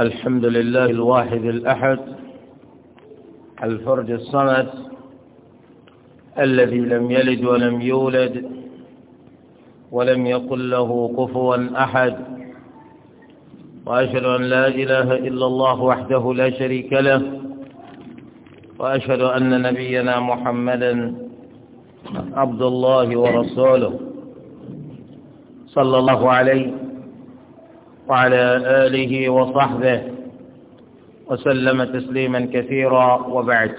الحمد لله الواحد الأحد الفرج الصمد الذي لم يلد ولم يولد ولم يقل له كفوا أحد وأشهد أن لا إله إلا الله وحده لا شريك له وأشهد أن نبينا محمدا عبد الله ورسوله صلى الله عليه وعلى آله وصحبه وسلم تسليما كثيرا وبعد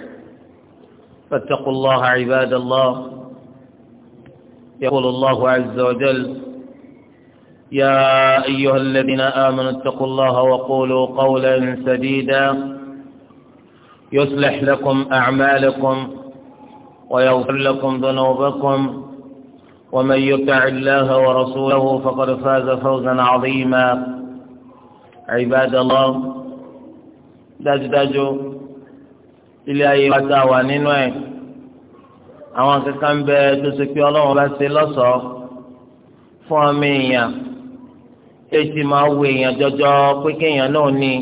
فاتقوا الله عباد الله يقول الله عز وجل يا أيها الذين آمنوا اتقوا الله وقولوا قولا سديدا يصلح لكم أعمالكم ويغفر لكم ذنوبكم ومن يطع الله ورسوله فقد فاز فوزا عظيما عباد الله dájúdájú ilé ayé wa tá a wà nínú ẹ àwọn kankan bẹ tó ṣe pé ọlọ́run bá ṣe lọ́sọ̀ọ́ fún ọmọ èèyàn èsì máa wo èèyàn jọjọ pé kéèyàn náà ní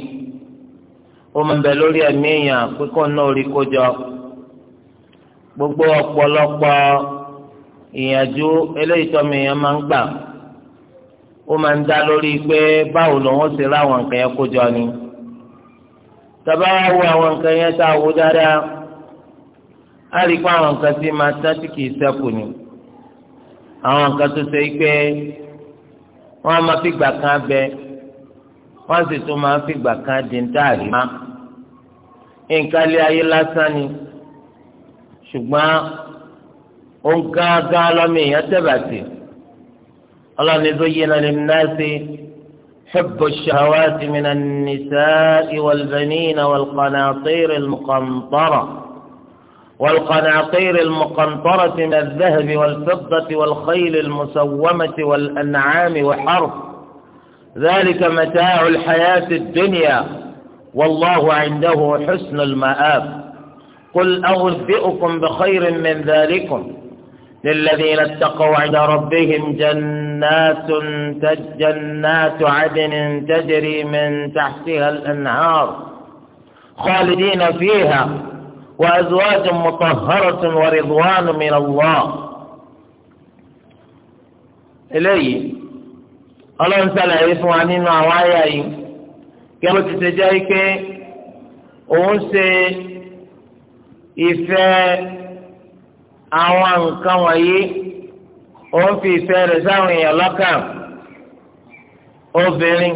ó máa ń bẹ lórí ẹ̀mí èèyàn pé kó náà rí kó jọ gbogbo ọ̀pọ̀lọpọ̀ ìyànjú eléyìí tọ́ mi yẹn máa ń gbà ó máa ń dá lórí pé báwo lòun ó ṣe láwọn nǹkan yẹn kójọ ni tọ́ba wá wo àwọn nǹkan yẹn tá a wò dáadáa á rí i pé àwọn nǹkan tí máa tán tí kìí ṣẹ́kù ni àwọn nǹkan tó ṣe pé wọ́n á máa bẹ wọ́n sì tún máa kan dín dáàrí òun gángan lọ́mọ èèyàn tẹ̀bàtì ọlọ́ni zayyana linnasi حب الشهوات من النساء والبنين والقناطير المقنطرة والقناطير المقنطرة من الذهب والفضة والخيل المسومة والأنعام وحرف ذلك متاع الحياة الدنيا والله عنده حسن المآب قل أغذئكم بخير من ذلكم للذين اتقوا عند ربهم جنات جنات عدن تجري من تحتها الأنهار خالدين فيها وأزواج مطهرة ورضوان من الله إلي الله sàlàyé fún wa nínú كما àyà yìí kí àwọn nǹkan wọ̀nyí ó ń fi ìfẹ́ rẹ̀ sáwọn èèyàn lọ́kàn obìnrin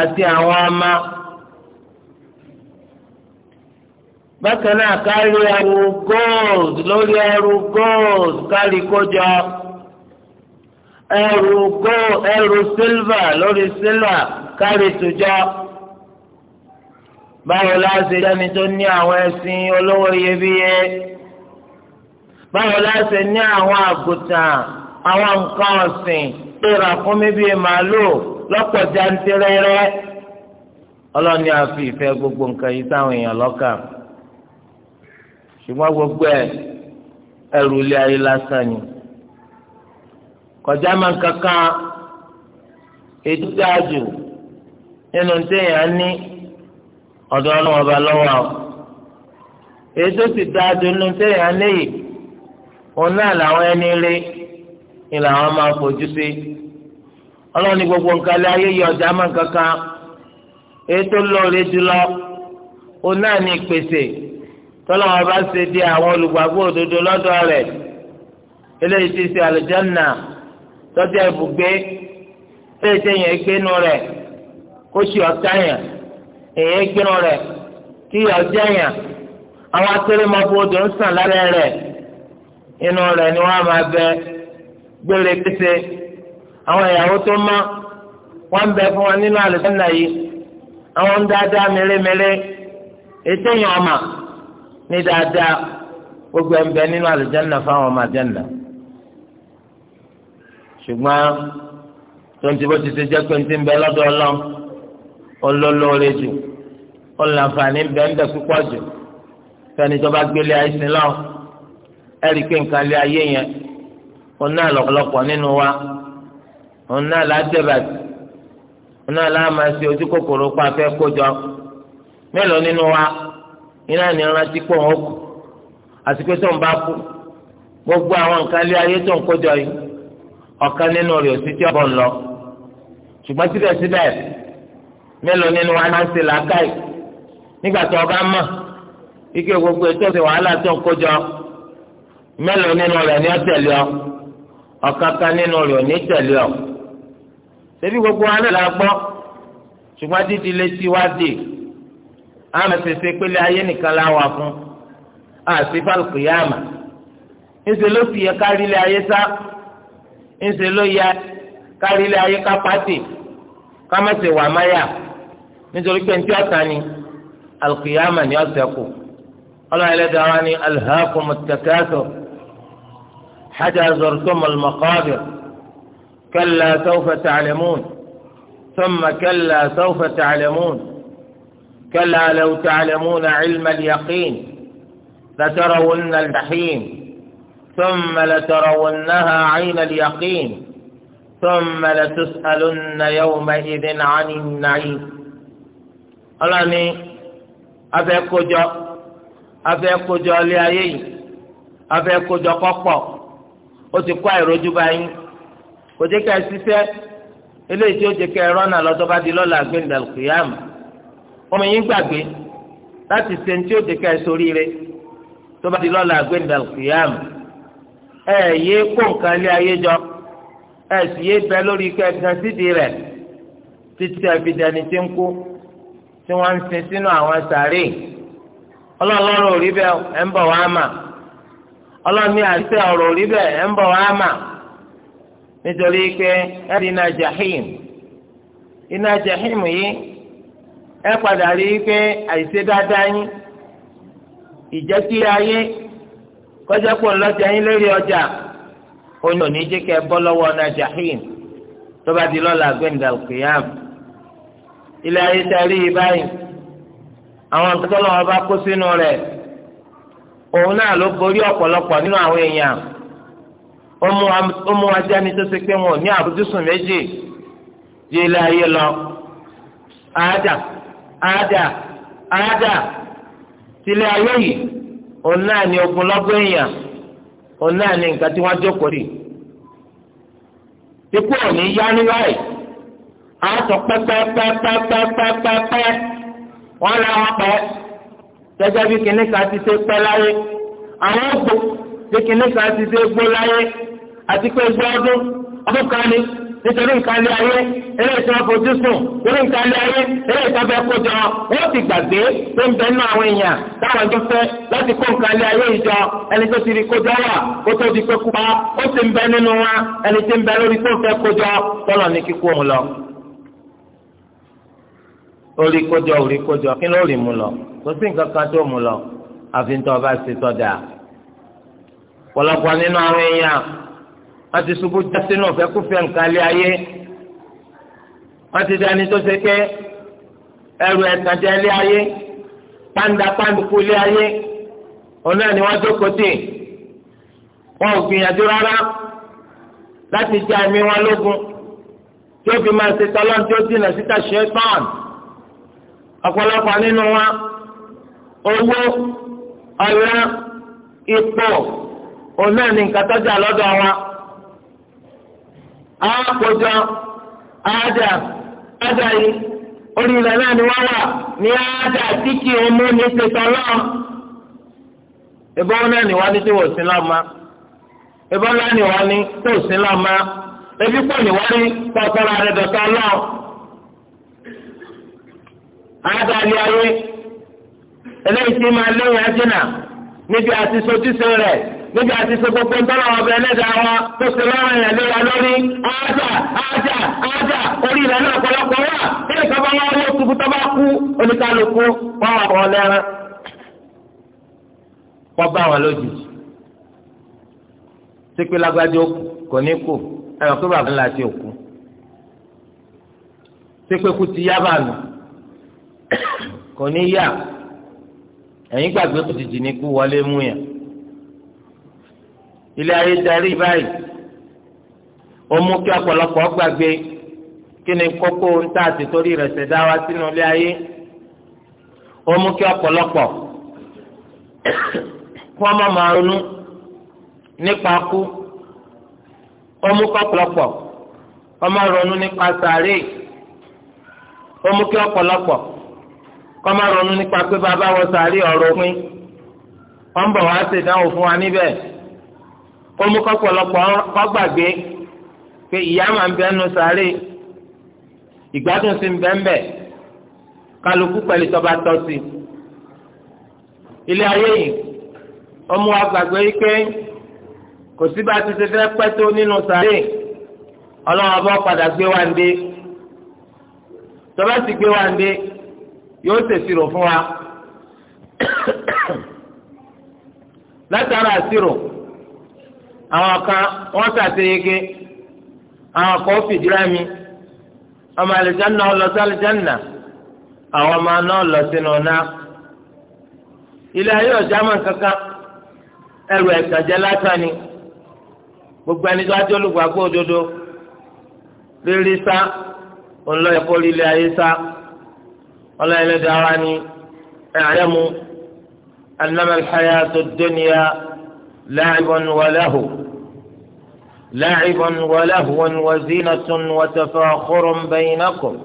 àti àwọn ọmọ bákan náà kárí gold lórí ẹrù gold kárí kójọ ẹrù gold ẹrù silver lórí silver kárí tùjọ. báwo láṣẹ jẹ́ni tó ní àwọn ẹṣin olówó iyebíye báwo láṣẹ ní àwọn àgùntàn àwọn nǹkan ọ̀sìn tó rà fún mi bíi màálù lọ́pọ̀ jantirẹrẹ ọlọ́ni àfi ìfẹ́ gbogbo nǹkan yìí sáwọn èèyàn lọ́kàn ṣùgbọ́n gbogbo ẹ̀ ẹrù ilé ayé lásán ni kọjá máa ń kankan ètò dáa nínú téèyàn ní. ọ̀dọ̀ ọlọ́wọ́ ọba lọ́wọ́ àwọn èyí sì dáa dunu sẹ́yìn òun náà làwọn ẹni rí gbogbo ayé ọjà máa kankan òun náà ní ìpèsè tọ́lọ́wọ́ bá ṣe di àwọn olùgbàgbọ́ òdodo lọ́dọ̀ rẹ̀ eléyìí ti ṣe àlùjànnà tọ́jú ẹ̀bùgbé rẹ̀ kó èyí gbẹ́rùn rẹ̀ tí ìyá ọjọ́ yàn àwọn akérèmọ́bodò ń sàn lálẹ́ rẹ̀ inú rẹ̀ ni wọ́n á máa bẹ gbére kété àwọn ìyàwó tó mọ́ wọ́n ń bẹ fún wọn nínú àlùfáà yìí àwọn ń dáadáa mèremère ètò yàn ọmọ ní dáadáa gbogbo ẹ̀ ń bẹ nínú àlùjánnà fáwọn ọmọ àjẹ́nà ṣùgbọ́n tó bó ti ti jẹ́ pé ń ti ń bẹ lọ́dọ̀ ọlọ́run. ọlọ́lọ́ọ̀rẹ́ jù ọlànfààní bẹ́ńbẹ́ púpọ̀ jù fẹ́ni tó bá gbélé àìsàn lọ ẹ̀rí pé nǹkan lé ayé yẹn òun náà nínú wa òun náà látẹ̀bàtì náà láàmà sí ojú kòkòrò pa fẹ́ kójọ mélòó nínú wa iná rántí pọ̀ wọn kù gbogbo àwọn nǹkan lé ayé tó ń yìí ọ̀kan nínú rẹ̀ ò sí tí ọ̀bọ̀ mélòó nínú wa náà ń ṣe làákàyè nígbà tó ọba mọ̀ ike gbogbo ètò ìsìn wàhálà tó ń kójọ mélòó nínú rẹ̀ ní ọ̀tẹ̀lẹ̀ ọ ọ̀kankan nínú rẹ̀ ò ní tẹ̀lẹ̀ ọ. ṣebí gbogbo wa náà la gbọ́ ṣùgbọ́n dídí létí wá dé àmì ṣèṣe pélé ayé nìkan la wà fún àti fálùkù yá àmà ńṣe ló fi yẹ kárílẹ̀ ayé sá ńṣe ló yẹ kárílẹ̀ ayé ká pàtì ká wà máyà. nítorí pé ntí ọ̀tá ni alùkìyàmà ni ọ̀sẹ̀ kù ọlọ́run ẹlẹ́dàá ni alhaakum takaso hajj azọrọtọm almakabir kẹlẹ sọfẹ tàlẹmún sọ́mà kẹlẹ sọfẹ tàlẹmún kẹlẹ alẹwò tàlẹmún ilmal yaqin latarawun aldaxin ثم لترونها عين اليقين ثم لتسألن يومئذ عن النعيم ọlọ́ni afẹ́ kójọ afẹ́ kójọ ilé ayé yìí afẹ́ ti báyìí kò jẹ́ ẹ ṣiṣẹ́ eléyìí tí ó di lọ́la gbẹ̀ndà kìyàmù ọmọ yín gbàgbé láti ṣe tí ó di lọ́la gbẹ̀ndà kìyàmù ẹ yé kó nǹkan ilé ayé jọ ẹ sì yé lórí sídìí títí ẹ fi dẹni tí ń kú. tí wọ́n ń sin sínú àwọn sàárè ọlọ́run ò rí bẹ́ẹ̀ ẹ̀ ń bọ̀ wá mà ọlọ́run àti ọ̀rọ̀ ò rí bẹ́ẹ̀ ń wá mà nítorí pé rí iná jahim iná jahim yìí ẹ padà rí pé àìṣe dáadáa yín ìjẹ́ ayé kọjá lọ́jà yín lórí ọjà ilé ayé tẹ rí i báyìí àwọn nǹkan tó lọ́wọ́ bá kó sínú rẹ̀ òun náà ló borí ọ̀pọ̀lọpọ̀ nínú àwọn èèyàn ó mú wa jẹ́ni tó ṣe pé wọn ò ní àbújúsùn méjì di ilé ayé lọ àádà àádà àádà tilẹ̀ ayé yìí òun náà ni ogunlọ́gbọ̀n èèyàn òun ni nǹkan àwọn sọ pẹ́pẹ́pẹ́pẹ́pẹ́pẹ́ wọ́n lé wọn pẹ́ gẹ́gẹ́ bí kìnní kan ti ṣe pẹ́ láyé àwọn ògbó bí kìnní kan ti ṣe gbó láyé àti pé gbó ọdún ọdún kan ni nítorí nǹkan lé ayé eré ìtura fojú sùn eré nǹkan lé ayé eré ìtọ́fẹ́ kójọ wọ́n ti gbàgbé tó ń bẹ nínú àwọn èèyàn táwọn ẹjọ́ fẹ́ láti kó nǹkan lé ayé ìjọ ẹni tó ti rí kójọ wà ó tó di pé kú pa ó ti ń bẹ nínú wa ẹni tí ń bẹ lórí tó ń fẹ́ kójọ tọ́lọ̀ ní kíkú òun lọ orí kójọ orí kójọ kí ló rí mu lọ kò sí nǹkan kan tó mu lọ àfi ń tọ́ ọba ṣe tọ́jà pọ̀lọpọ̀ nínú àwọn èèyàn wọ́n ti ṣubú já sínú ọ̀fẹ́ kúfẹ́ ayé wọ́n ti dání tó ṣe pé ẹrù ẹ̀tànjẹ lé ayé pàǹdà pàǹdùkú lé ayé òun náà ni wọ́n jókòó tì wọn ò gbìyànjú rárá láti jẹ àmì wọn lógun tí ó fi máa ṣe tọ́lọ́n tí ó dìnà síta ṣe é tán. ọ̀pọ̀lọpọ̀ nínú wa owó ọlá ipò òun náà ní nǹkan lọ́dọ̀ wa àkójọ àádà àádà yìí orí náà ni wọ́n wà ní àádà tí kì í mú ní ṣetán náà ìbọn náà ni wọ́n ní tí wọ́n sí náà ìbọn náà ni wọ́n àádáàlì ayé eléyìí tí máa léyìn ájínà níbi àti sojúṣe rẹ̀ níbi àti so gbogbo ńtọ́lọ̀ ọ̀bẹ ẹlẹ́dàá wọn tó ṣe lọ́rùn ẹ̀yàn léra lórí ájà ájà ájà orí rẹ̀ náà ọ̀pọ̀lọpọ̀ wà bẹ́ẹ̀ kọ́ bá wọn wọ́n tubu tó bá kú oníkálukú wọn wà wọn lẹ́rán wọ́n bá wọn lójijì sípé lágbájá kò ní kù ẹ̀rọ pé bàbá ńlá ti òkú sípé kú ti yá bàánù. kò ní yá ẹ̀yin gbàgbé kò tìjì ní kú wọlé mú ilé ayé darí báyìí ó mú kí ọ̀pọ̀lọpọ̀ gbàgbé kí ni kókó ń tà sí torí rẹ̀ ṣẹ̀dá wá sínú ilé ayé ó mú kí ọ̀pọ̀lọpọ̀ máa ronú nípa kú ó mú kí ọ̀pọ̀lọpọ̀ kọ́má ronú nípa pé bàbá wọ sàárì ọ̀rọ̀ pín wọ́n bọ̀ wá ṣe ìdánwò fún wa níbẹ̀ kó mú kọ́pọ̀lọpọ̀ kó gbàgbé pé ìyá máa ń bẹ́ nu sàárì ìgbádùn sí ń bẹ́ ń bẹ̀ kálukú pẹ̀lú tọ́ba tọ́ sí ilé ayé yìí ọmọ wa gbàgbé yìí pé kò sí bá a ti ṣe fẹ́ pẹ́ tó nínú sàárè ọlọ́run ọba padà gbé wa ń dé tọ́ba sì gbé wa ń dé yóò ṣèṣirò fún wa látara àṣírò àwọn kan wọ́n ṣàṣeyege àwọn kan fìdíra mi ọmọ àlìjáná lọ sí àlìjáná àwọn ọmọ náà lọ sínú náà ilé ayé ọjà mọ kankan ẹrù ẹ̀sàjẹ́ lásán gbogbo ẹni tó ajé olùgbàgbọ́ òdodo rírí sá òun lọ ẹ̀kọ́ lílé ayé sá. والله إلا دعاني اعلموا أنما الحياة الدنيا لعب ولهو لعب ولهو وزينة وتفاخر بينكم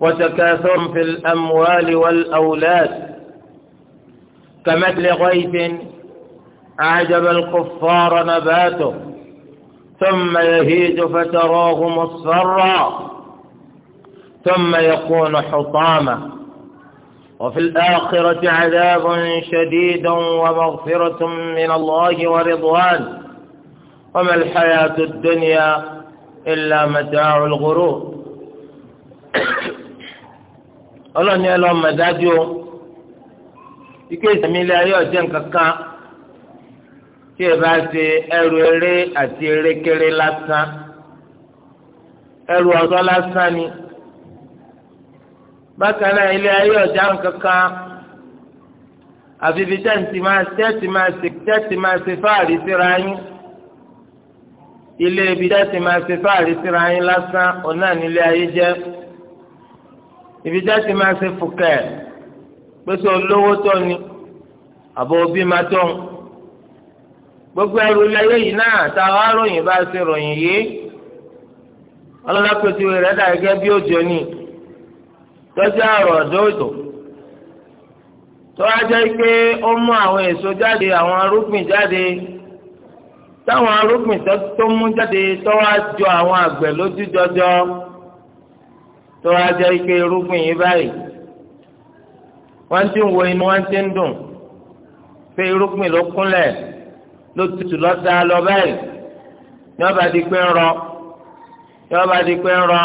وتكاثر في الأموال والأولاد كمثل غيث أعجب الكفار نباته ثم يهيج فتراه مصفرا ثم يكون حطاما وفي الآخرة عذاب شديد ومغفرة من الله ورضوان وما الحياة الدنيا إلا متاع الغرور ọlọ́ni ẹ lọ́ọ́ mọ̀dájú o ike ìsẹ̀mí ilé ayé ọ̀jẹ̀ nkankan tí ẹ bá ṣe ẹrù eré àti erékeré lásán ẹrù ọ̀dọ́ lásán ni bákan náà ilé ayé ọjà nǹkankan àfihàn tẹ́ǹtì máa tẹ́ǹtì máa ṣe tẹ́ǹtì máa ṣe fáàrí síra yín ilé ibi tẹ́ǹtì máa ṣe fáàrí síra yín lásán ọ̀nà nílé ayé jẹ́ ibi tẹ́ǹtì máa ṣe fùkẹ́ pèsè olówó tó ni àbọ̀ òbí máa tó ń gbogbo ẹrù ilé ayé yìí náà táwa ròyìn bá ṣe ròyìn yìí ọlọ́lá pèsè rẹ̀ dà gẹ́gẹ́ bí òjò nìyí tọ́jú àrọ̀ ọ̀dọ́dọ̀ tó wá jẹ́ pé ó mú àwọn èso jáde àwọn arúgbìn jáde táwọn arúgbìn tó mú jáde tó wá jọ àwọn àgbẹ̀ lójú jọjọ tó wá jẹ́ pé irúgbìn yìí báyìí wọ́n ti ń wo inú wọ́n ti ń dùn pé irúgbìn ló kúnlẹ̀ ló tutù lọ́sàá lọ báyìí ní ọba di pé ń rọ ní ọba di pé ń rọ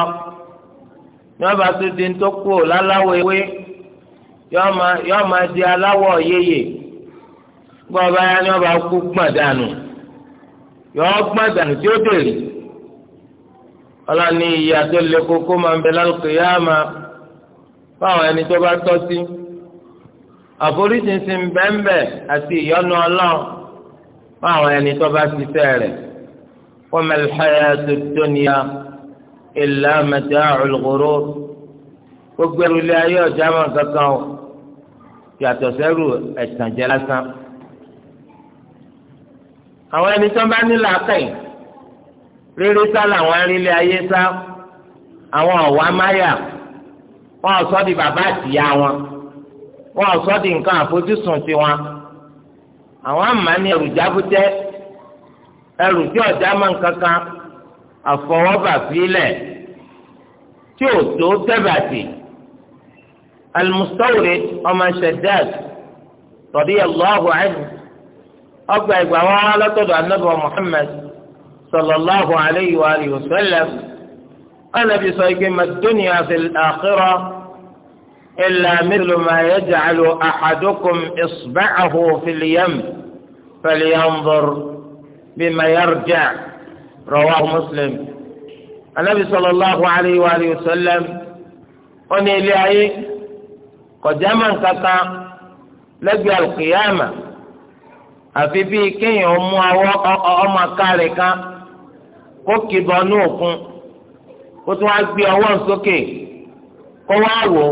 ní wọn bá tó di ntọ́kù láláwọ̀ ewé yọọ máa di aláwọ̀ yéyè gbọ́ ọba ya ni wọn bá kú gbọ̀n dànù yọọ gbọ̀n dànù tí ó dèrè ọlọ́ni ìyá tó lé koko máa ń bẹ lálùkò yá máa fáwọn ẹni tó bá tọ́ sí àforíṣinṣin bẹ́ẹ̀nbẹ́ àti ìyọ́nú ọlọ́run fáwọn ẹni tó bá ti fẹ́ rẹ̀ wọ́n mẹ́lẹ́ tó dóníyà ìlà mata'ul ghurur gbogbo ẹrù ilé ayé ọjà máa kankan o yàtọ̀ sẹ́rù ẹ̀tànjẹ lásán àwọn ẹni tó ń bá nílò akẹ́yìn rírí sá làwọn arílé ayé sá àwọn ọ̀wá máyà wọn ò sọ́ di bàbá àtìyá wọn wọn ò sọ́ di nǹkan àfojúsùn tiwọn àwọn àmà ní ẹrù jábútẹ́ ẹrù tí ọ̀já máa kankan àfọwọ́bà sílẹ̀ tí ò tó tẹ́bàtì al-Mustawrid ọmọ Shaddad radiyallahu anhu ọgbà ìgbà wọn alátọ̀dọ̀ anabi Muhammad sallallahu alayhi wa alihi wa sallam anabi sọ ike mad-dunya fil-akhirah illa mithlu ma yaj'alu ahadukum isba'ahu fil-yam falyanzur bima rawahu muslim anabi sallallahu alayhi wa alihi wa sallam ó ní ilé kọjá máa kaka lẹ́gbẹ̀ẹ́ alùkìyàmà àfi bíi bi mú ọmọ akárẹ̀ kan kó kìbọn ní òkun kó tún wá gbé ọwọ́ sókè kó wá wò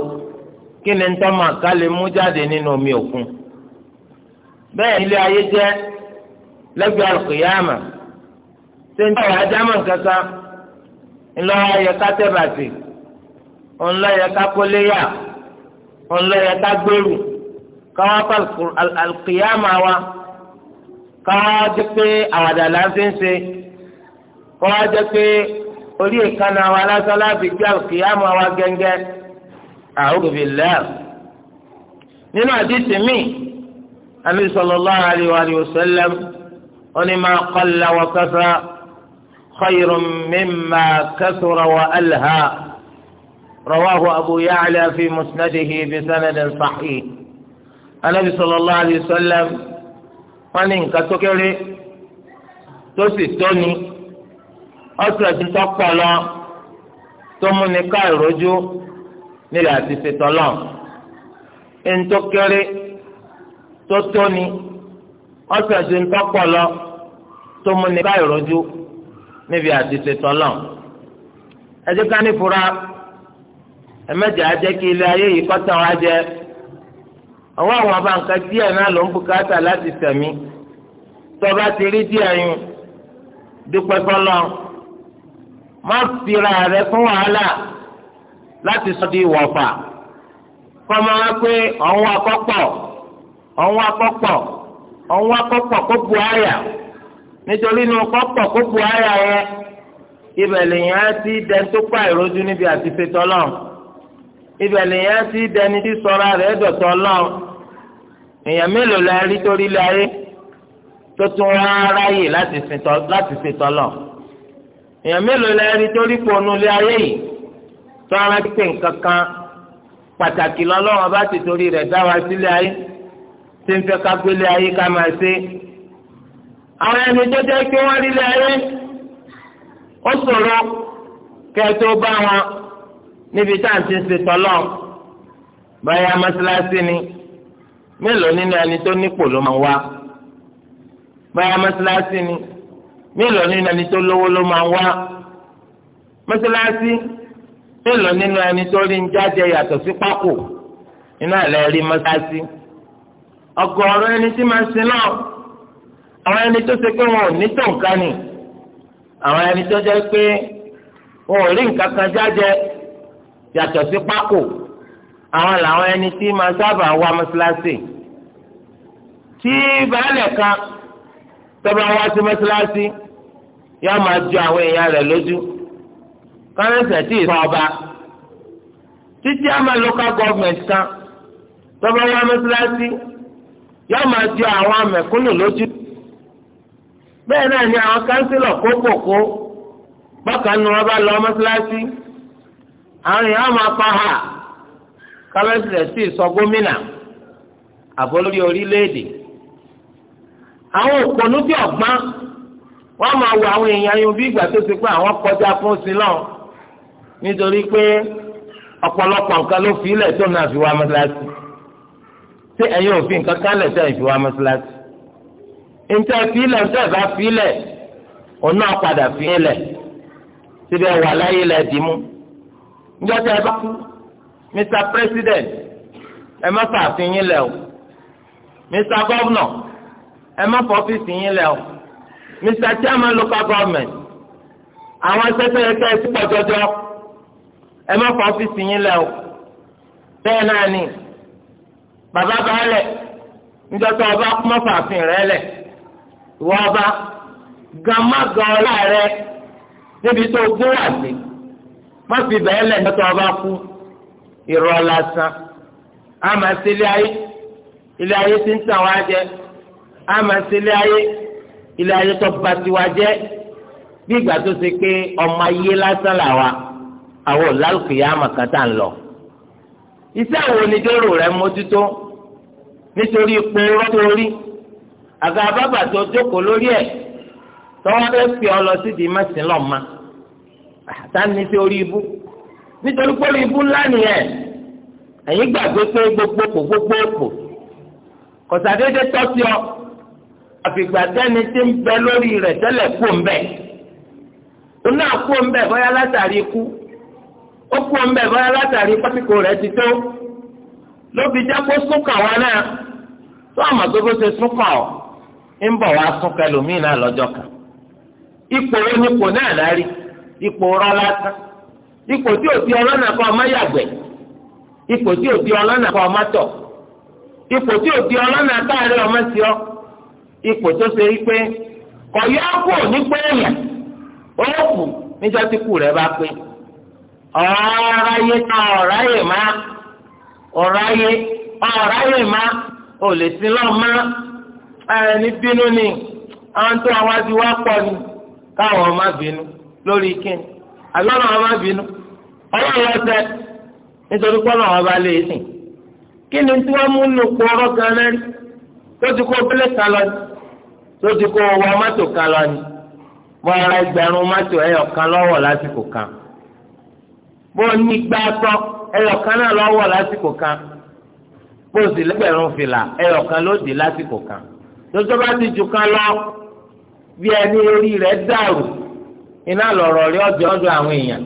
omi ṣé ní ọ̀rọ̀ ajámọ̀ kankan ńlọ́wọ́ yẹ ká tẹ́bàtì ńlọ́ yẹ ká kóléyà ńlọ́ yẹ ká gbèrú káwá pa alùkìyàmà wa káwá jẹ́ pé àwàdà là ń fi ń ṣe káwá jẹ́ pé orí ìkànnà wa lásán láfi gbé alùkìyàmà wa gẹ́gẹ́ a'udhu billah nínú àdìsí mi àmì sallallahu alaihi wa sallam máa qalla wa kafa. خير مما كثر وألهى رواه أبو يعلى في مسنده بسند صحيح النبي صلى الله عليه وسلم wọ́n ní nǹkan tó kéré tó sì tóni ọ̀sẹ̀ tó tọ́pọ̀ lọ tó mú ní ká ìrójú nílẹ̀ àti ṣètọ́lọ̀ ẹni tó kéré tó tóni ọ̀sẹ̀ tó tọ́pọ̀ lọ tó mú ní ká ìrójú. níbi àtìsè tọ́lọ̀ ẹ jẹ́ fura ẹ mẹ́jẹ̀ kí ilé ayé yìí kọ́tà wá jẹ àwọn àwọn abáǹkà díẹ̀ náà ló ń láti sẹ̀mí ti rí díẹ̀ yín dúpẹ́ tọ́lọ̀ má fira rẹ fún wàhálà láti di kọ́mọ wá pé ọ̀hún akọ́pọ̀ ọ̀hún akọ́pọ̀ ọ̀hún nítorí inú kọ́pọ̀ kó bu àyà yẹn ibẹ̀ lèyìn ti dẹni tó pa ìrójú níbi àti fetọ́ lọ́n ibẹ̀ lèyìn á ti dẹni tí sọra rẹ̀ dọ̀tọ́ lọ́n èèyàn mélòó la rí torí ilé ayé tó tún rárá yìí láti fetọ́ lọ́n èèyàn mélòó la rí torí pònú ilé ayé yìí tó ara pé nǹkan kan pàtàkì lọ́lọ́wọ́n bá ti torí rẹ̀ dá wa sílé ayé tí ń fẹ́ ká gbélé ayé ká máa ṣe é. àwọn ẹni tó jẹ́ pé wọ́n rí lẹ́yìn ó ṣòro kẹ́ẹ̀tó bá wọn níbi tá à ń ti ń ṣe tọ́lọ́ báyà ni mélòó nínú ẹni tó nípò ló máa wá báyà ni mélòó nínú ẹni tó lówó ló máa wá mọ́ṣáláṣí mélòó nínú ẹni tó rí ń jáde yàtọ̀ sí pákó iná ẹ̀ lẹ́ẹ̀rí ọgọ́rùn-ún ẹni tí àwọn ẹni tó ṣe pé wọn ò ní tó nǹkan ni àwọn ẹni tó jẹ́ pé wọn ò rí nǹkan kan jáde yàtọ̀ sí pákó àwọn làwọn ẹni tí máa sábà wá mọ́ṣáláṣí tí baálẹ̀ kan tọ́ba wá sí mọ́ṣáláṣí yóò máa ju àwọn èèyàn rẹ̀ lójú kọ́nẹ́sẹ̀ tí ìsọ ọba títí àmà local government kan tọ́ba wá mọ́ṣáláṣí yóò máa ju àwọn amẹ̀kúnnù lójú bẹ́ẹ̀ náà ni àwọn kánsílọ̀ kókòkó bákan ni wọ́n bá lọ mọ́sálásí àwọn èèyàn máa pa hà kábẹ́sìlẹ̀ sí sọ gómìnà àbólórí orílẹ̀-èdè àwọn òpònú bí ọ̀gbọ́n wọ́n máa wọ àwọn èèyàn yun bí ìgbà tó ti pé àwọn kọjá fún nítorí pé ọ̀pọ̀lọpọ̀ nǹkan ló fi ilẹ̀ tó náà fi wá mọ́sálásí tí ẹ̀yin òfin kankan lẹ̀ tẹ̀ fi ntẹ filẹ ntẹ bá filẹ ọ̀nà padà filẹ síbẹ̀ wà láyé lẹ dì mú njọ́tẹ̀ ẹ bá kú mr president ẹ má fàáfin yín lẹ o mr governor ẹ má fọ́fíìsì yín lẹ o mr chairman local government àwọn sẹ́sẹ́ yẹn kẹ́ ẹ sí pọ̀jọ́jọ́ ẹ má fọ́fíìsì yín lẹ o bẹ́ẹ̀ náà ni bàbá baálẹ̀ njọ́tẹ̀ ọba kú má fàáfin rẹ lẹ̀ ìwọ ọba gàmágan ọlá rẹ níbi tó gbé wà sí má fi bẹ́ẹ̀ lẹ̀ nítorí ọba kú irọ́ lásán àmà sí ilé ayé ilé ayé ti ń tàn wá jẹ àmà sí ilé ayé ilé ayé tó ba tiwa jẹ bí ìgbà tó ṣe pé ọmọ ayé lásán làwa àwọn òlàlùkìyà àmàkàtà ń lọ iṣẹ́ àwọn onídèrò rẹ mójútó nítorí ipò rọ́tò orí. aga bàbà tó jókòó lórí ẹ̀ tọ́wọ́ fi ọ lọ sí di mẹ́sìn ma àtàní sí orí ibú nítorí pé orí ibú ńlá nìyẹn gbàgbé pé gbogbo òpò gbogbo òpò kọ̀sàdédé tọ́ sí ọ àfìgbà tẹ́ni tí ń bẹ lórí rẹ tẹ́lẹ̀ kú ń ó náà kú ń bẹ̀ látàrí ikú ó kú látàrí ti tó ń bọ̀ wá súnkọ ẹlòmíì náà lọ́jọ́ kan ipò wo nípò náà lárí ipò rọ lásán ipò tí ò ti ọlọ́nà kan ọmọ yàgbẹ́ ipò tí ò ti ọlọ́nà kan ọmọ tọ̀ ipò tí ò ti ọlọ́nà káàárẹ̀ ọmọ sí ọ ipò tó ṣe wípé kọ̀yọ́ kù ní pé èèyàn níjọ́ tí kù rẹ̀ bá pé ọ̀rá yé ká má ọ̀rá yé má ò lè sin lọ́ọ̀ má ẹni bínú ni àwọn tó àwọn ti wá pọ̀ ni káwọn má bínú lórí kíni àbí wọn má bínú ọlọ́run lọ́sẹ̀ nítorí pọ́nà wọn bá lè sìn kí ni tí wọ́n mú nù pọ̀ ọ̀rọ̀ kan náà rí tó ti kó bílẹ̀ kan lọ tó ti kó wọ mọ́tò kan lọ ni mo ra ẹgbẹ̀rún mọ́tò ẹyọ lọ́wọ́ lásìkò kan bó ní gbà tọ́ ẹyọ náà lọ́wọ́ lásìkò kan bó sì lẹ́gbẹ̀rún fìlà ẹyọ ló dé lásìkò kan. tọ́jọ́ bá ti jù kan lọ bí ẹni orí rẹ̀ dàrú iná lọ̀rọ̀ rí ọjọ́ àwọn èèyàn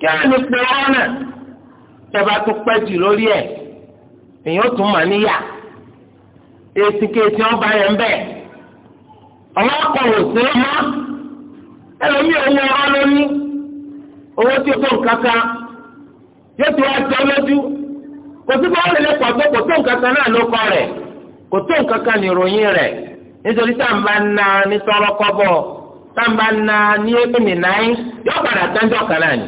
kí á ní pé ọ̀nà tẹ́bá tó pẹ́ jù lórí ẹ̀ èèyàn tún mà níyà èsì kejì ọba yẹn bẹ́ẹ̀ ẹlòmíì lónìí owó tí o tó yóò ti wá jẹ́ lójú kò sí kò tó nǹkan kan ní ìròyìn rẹ̀ nítorí táǹbà ńnà ní tọrọkọ́bọ̀ táǹbà ńnà ní ébìnrin náà yóò padà kan náà ni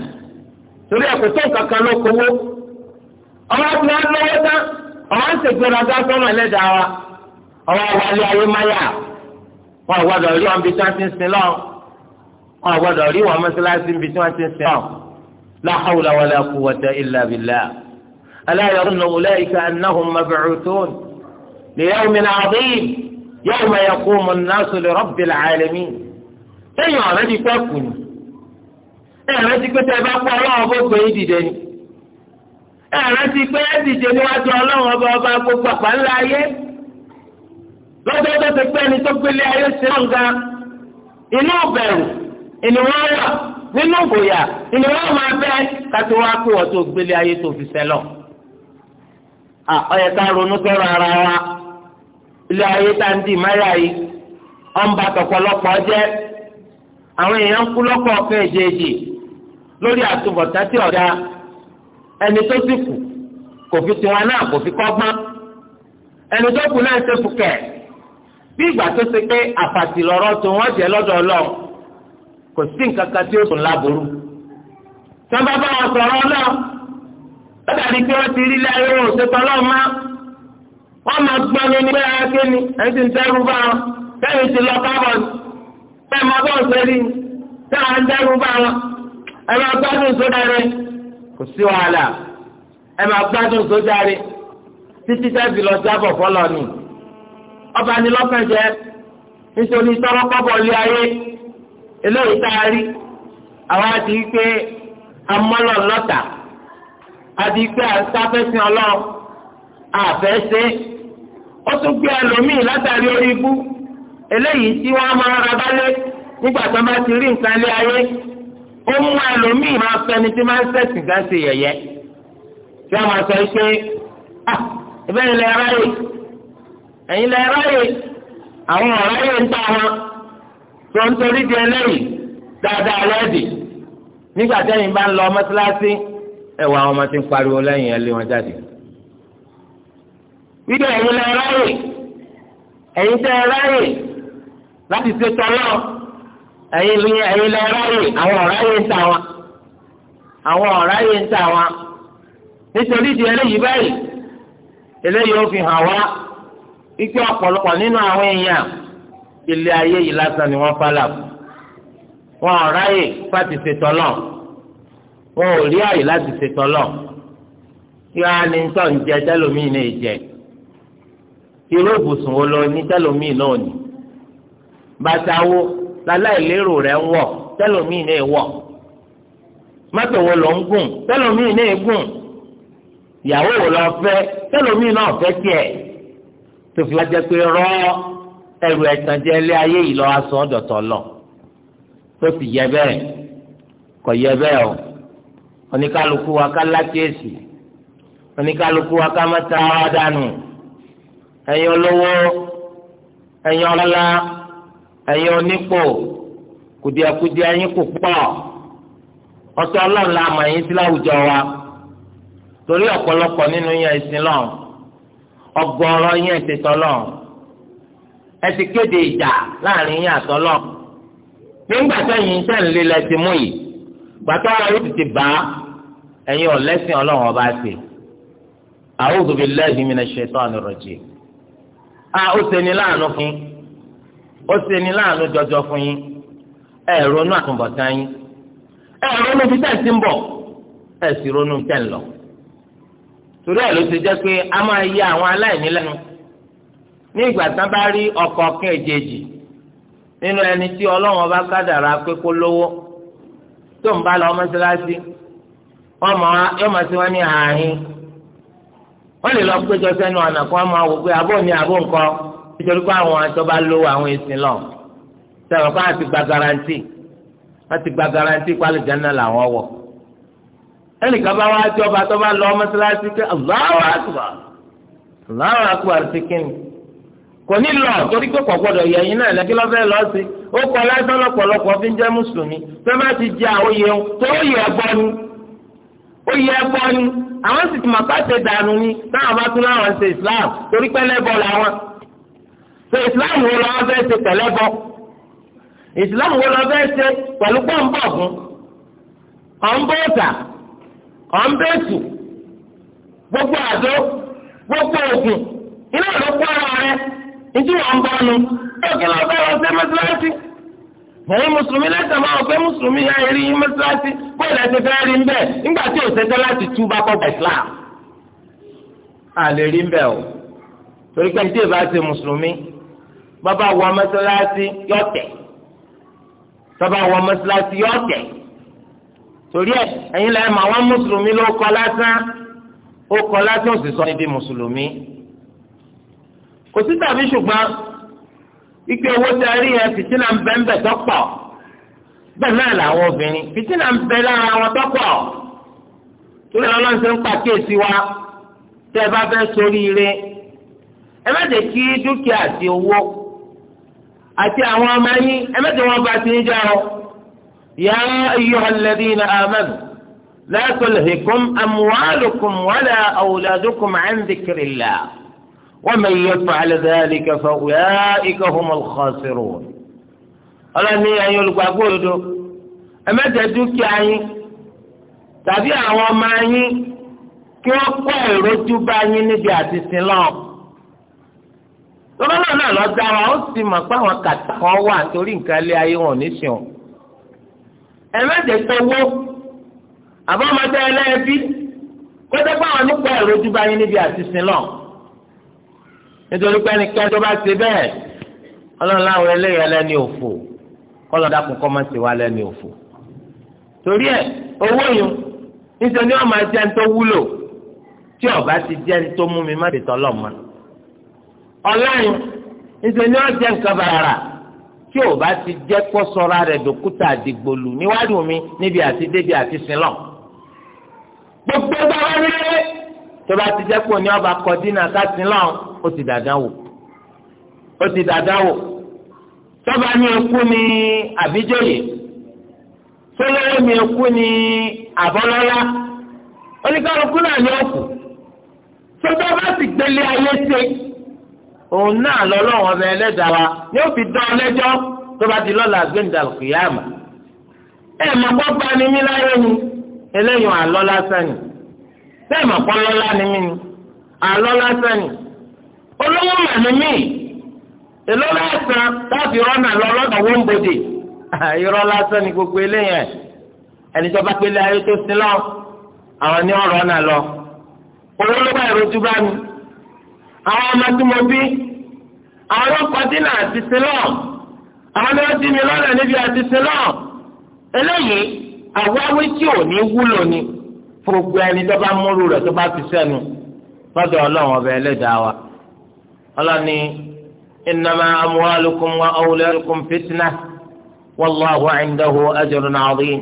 torí ẹ̀ kò tó nǹkan kan ló kówó ọwọ́ tí wọ́n lọ́wọ́ tán ọwọ́ ń ṣègbéraga sọ́nà ẹlẹ́dàá wa ọwọ́ wálé ayé máyà wọn gbọ́dọ̀ rí wọn bí tí wọ́n ti ń sin lọ wọn rí wọn bí tí ti ń sin ليوم عظيم يوم يقوم الناس لرب العالمين ẹ̀yin ọ̀rẹ́ ti pẹ́ kù ni ẹ̀rẹ́ ti pé tẹ́ bá pọ̀ ọlọ́run bó gbé yín dìde ni ẹ̀rẹ́ ti pé ẹ́ dìde níwájú ọlọ́run ọba ọba gbogbo àpá ńlá ayé lọ́jọ́ tó ti pẹ́ ni tó gbélé ayé ṣe náà ga inú bẹ̀rù ìní wọ́n wà nínú ìgòyà ìní wọ́n máa bẹ́ kátó wá pé wọ́n tó gbélé ayé tó fi sẹ́lọ̀ ọ̀yẹ̀ká ronú kẹ́rọ ara wa ilé ayé tá ń di ìmáyà yìí ọ̀nba tọ̀pọ̀lọpọ̀ jẹ́ àwọn èèyàn ń kú lọ́pọ̀ ọ̀fẹ́ èjèèjì lórí àtúbọ̀tán tí ọ̀dà ẹni tó sì kù kò fi tiwọn náà kò fi kọ́gbọ́n ẹni tó kù náà ń sẹ́kù kẹ̀ bí ìgbà tó ṣe pé àfàtì lọ́rọ́ tó wọ́n jẹ́ lọ́dọ̀ ọlọ́run kò sí nǹkan kan tí ó sùn láboru tí wọ́n bá bá wọn sọ̀rọ̀ náà ó dàbí pé wọ́n ti rí ilé ayé wọn ò ṣe tọ́lọ́ máa wọ́n máa gbọ́ ní ní bẹ́ẹ̀ ké ni ẹni tí ń tẹ́rù bá wọn bẹ́ẹ̀ ti lọ kábọ̀ bẹ́ẹ̀ máa bọ̀ sẹ́rí táwọn ń tẹ́rù bá wọn ẹ máa gbádùn sódà rẹ kò sí wàhálà ẹ máa gbádùn sódà rẹ títí tẹ́sí lọ jábọ̀ fọlọ́ ni ọba ni lọ́kàn jẹ́ nítorí tọ́rọ́ kọ́bọ̀ lé ayé eléyìí tá a rí àwa ti pé amọ́lọ̀ lọ́tà àti pé àtàfẹ́sìn ọlọ́ọ̀ àfẹ́sẹ́ ó tún gbé ẹlòmíì látàrí orí ibú eléyìí tí wọ́n máa ra bálé nígbà tó bá ti rí nǹkan lé ayé ó mú ẹlòmíì máa fẹni tí máa ń sẹ̀sìn dá sí yẹ̀yẹ́ tí wọ́n máa sọ pé ah ẹ̀bẹ̀ ni lè ráyè ẹ̀yin lè ráyè àwọn ọ̀rọ̀ ń tà wọn tó ń torí di eléyìí dáadáa lẹ́ẹ̀dì nígbà tẹ́yìn bá ń lọ mọ́tíláṣí ẹ̀wọ̀n àwọn ọmọ ti ń pariwo lẹ́yìn ẹ̀ lé wọn jáde. wípé ẹ̀yin lẹ ráyè ẹ̀yin tẹ ráyè láti ṣe tọ́lọ́ ẹ̀yin lẹ ẹ̀yin lẹ ráyè àwọn ọ̀ráyè ń ta wọn àwọn ń wọn nítorí báyìí ó fi hàn ike ọ̀pọ̀lọpọ̀ nínú àwọn èèyàn ilé ayé yìí lásán ni wọ́n fálà wọn ò ráyè láti ṣètò lọ wọn ò rí àyè láti á ní irú ìbùsùn wo lọ ní tẹlómi náà ni bàtà wo láláìlérò rẹ ń wọ tẹlómi náà wọ mọ́tò wo lọ ń gùn tẹlómi náà gùn ìyàwó wo lọ fẹ́ tẹlómi náà fẹ́ tiẹ̀ tó fi wá jẹ pé rọ ẹrù ẹ̀tàn jẹ ilé ayé yìí lọ aṣọ ọ̀dọ̀tọ̀ lọ tó sì yẹ bẹ́ẹ̀ kò yẹ bẹ́ẹ̀ o oníkálukú wa ká láti èsì wa ká má ta ẹ̀yin olówó ẹ̀yin ọlọ́lá ẹ̀yin onípò kùdìẹ̀kùdìẹ̀ ẹ̀yin kò pọ̀ ọ̀tọ̀ la mọ̀ ẹ̀yin sí láwùjọ wa torí ọ̀pọ̀lọpọ̀ nínú yẹn ẹ̀sìn lọ ọgọ́rọ̀ yẹn ti tọlọ ẹ ti kéde ìjà láàrin yẹn àtọlọ nígbà sẹ́yìn sẹńlẹ lẹ ti mú yìí gbàtọ ara yóò ti bá ẹ̀yin ọlẹsìn Ọlọ́run ọba ṣe a'udhu billahi minash shaitani rajim. a ah, ó ṣeni láàánú fún yín ó ṣeni jọjọ fún yín ẹ ronú àtúbọ̀tán yín ẹ ronú bí tẹ̀sí ń bọ̀ ẹ sì ronú tẹ̀ ń lọ torí ẹ ló ti jẹ́ pé a máa yẹ àwọn aláìní lẹ́nu ní ìgbà tán bá rí ọkọ̀ kẹ́ẹ̀jẹ̀jì nínú ẹni tí ọlọ́wọ́n bá pé kó wọ́n lè lọ péjọ sẹ́nu ọ̀nà kó máa wò pé abọ́ ni abọ́ nǹkan nítorí pé àwọn àtọ́ bá lówó àwọn èsìn lọ sẹ́wọ̀n pé àti gba garanti àti gba garanti pálí jẹ́nà làwọn wọ̀ ẹnìkan bá wá tí ọba tó bá lọ mọ́sálásí pé Allahu Akbar Allahu Akbar ti kíni kò ní lọ torí pé kò gbọdọ̀ yẹ ẹyin náà lẹ́kí lọ́fẹ́ lọ sí ó kọ lásán lọ́pọ̀lọpọ̀ fi ń jẹ́ mùsùlùmí fẹ́ má ti jẹ àwọn tó yẹ ọgbọ́n ó yẹ ẹbọ ni àwọn sì ti màpá ṣe dànù ni táwọn bá tún láwọn ṣe islam torí pé lẹ́bọ làwọn ṣe islam wo làwọn fẹ́ ṣe pẹ̀lẹ́bọ islam wo làwọn fẹ́ ṣe pẹ̀lú pọ́ńpọ̀gùn ọ̀nbọ̀ọ̀tà ọ̀nbẹ̀ẹ̀tù gbogbo àdó gbogbo ògùn iná ló kó ara rẹ ìdí wọn bọ nu ó kí lọ bá wọn ṣe mọ́tíláṣí ẹ̀yin mùsùlùmí lẹ́sẹ̀ máa pé mùsùlùmí yá eré yín mọ́sálásí bóyá lẹ́sẹ̀ fẹ́ rí nbẹ̀ nígbà tí ò sẹ́sẹ́ láti tú bá kọ́kọ́ Islam. a lè rí nbẹ̀ o torí pé tí ìbá ṣe mùsùlùmí bàbá wọ mọ́sálásí yọ tẹ̀ bàbá wọ mọ́sálásí yọ tẹ̀ torí ẹ̀ ẹ̀yin lẹ́yìn mà wọ́n mùsùlùmí ló kọ́ lásán ó kọ́ lásán ó sì sọ ike owó tẹ rí yẹn fìtínà ń bẹ ń bẹ tọ́pọ̀ bẹ́ẹ̀ náà làwọn obìnrin fìtínà ń bẹ lára wọn tọ́pọ̀ torí ọlọ́run ṣe ń pàkíyèsí wa tẹ́ ẹ bá fẹ́ sórí ire ẹ má jẹ́ kí dúkìá àti owó àti àwọn ọmọ yín ẹ má jẹ́ wọn bá ti ń jẹ́ ọ. يا أيها الذين آمنوا لا تلهكم أموالكم ولا أولادكم عن ذكر الله ومن يفعل ذلك فأولئك هم الخاسرون ọlọ́ni ẹ̀yin olùgbàgbọ́ òdodo ẹ̀mẹ́tẹ̀ dúkìá yín tàbí àwọn ọmọ yín kí wọ́n kọ́ ìrójú bá yín níbi àti sinlọ́ọ̀ lọ́lọ́lọ́ náà lọ dá wa ó sì mọ̀ pé àwọn kàtà kan wà torí nǹkan lé ayé wọn ní sùn ẹ̀mẹ́tẹ̀ tọwọ́ àbọ̀mọdé ẹlẹ́ẹ̀bí kó dé pé àwọn nípa ìrójú bá níbi àti sinlọ́ọ̀ nítorí pé ẹnikẹ́ni tó bá ṣe bẹ́ẹ̀ ọlọ́run láwọn eléyà lẹ́ni òfò kọ́lọ́ dákun kọ́ máa ṣe wá lẹ́ni òfò. torí ẹ owó yun níṣẹ́ ni wọ́n máa jẹ́ ní tó wúlò tí ọba ti jẹ́ ní tó mú mi má tètè ọlọ́mọ. ọ̀la yun níṣẹ́ ni wọ́n jẹ́ nǹkan bàrà tí ọba ti jẹ́ kó sọ́ra rẹ̀ dòkúta àdìgbòlù níwájú mi níbi àti débi àti sinlọ̀. gbogbo ẹgbẹ́ wa nílé tó bá ti jẹ́ pò ní ọba kọ ó ti dàdán wò ó ti dàdán wò tọ́ba ní ekú ni àbíjòyè tọ́lọ́wọ́ ní ekú ni àbọ́lọ́lá oníkàlùkù náà ní ọ̀kù tọ́ba bá sì gbélé ayé ṣe òun náà lọ́lọ́wọ́ ọbẹ̀ ẹlẹ́dàá wa ni ó fi dán ọ lẹ́jọ́ tọ́ba ti lọ́la gbẹ̀ndàlùkìyàmà ẹ̀ mọ̀ kọ́ bá ní mí láyé ni eléyìí àlọ́ lásán ni bẹ́ẹ̀ mọ̀ kọ́ lọ́lá ni mí ni àlọ́ lásán ni. olówó màmí mi èló lásán láti rọ́nà lọ lọ́dọ̀ bòde irọ́ lásán ni gbogbo eléyẹn ẹni pélé ayé tó sin lọ àwọn ní ọ̀rọ̀ náà lọ owó ló bá ìrojú bá mi àwọn ọmọ tí mo bí àwọn dínà àti sin lọ àwọn ni wọ́n dín mi níbi àti sin lọ eléyìí tí ò ni gbogbo ọlọ́ni innama amwalukum wa awladukum fitna wallahu indahu ajrun azim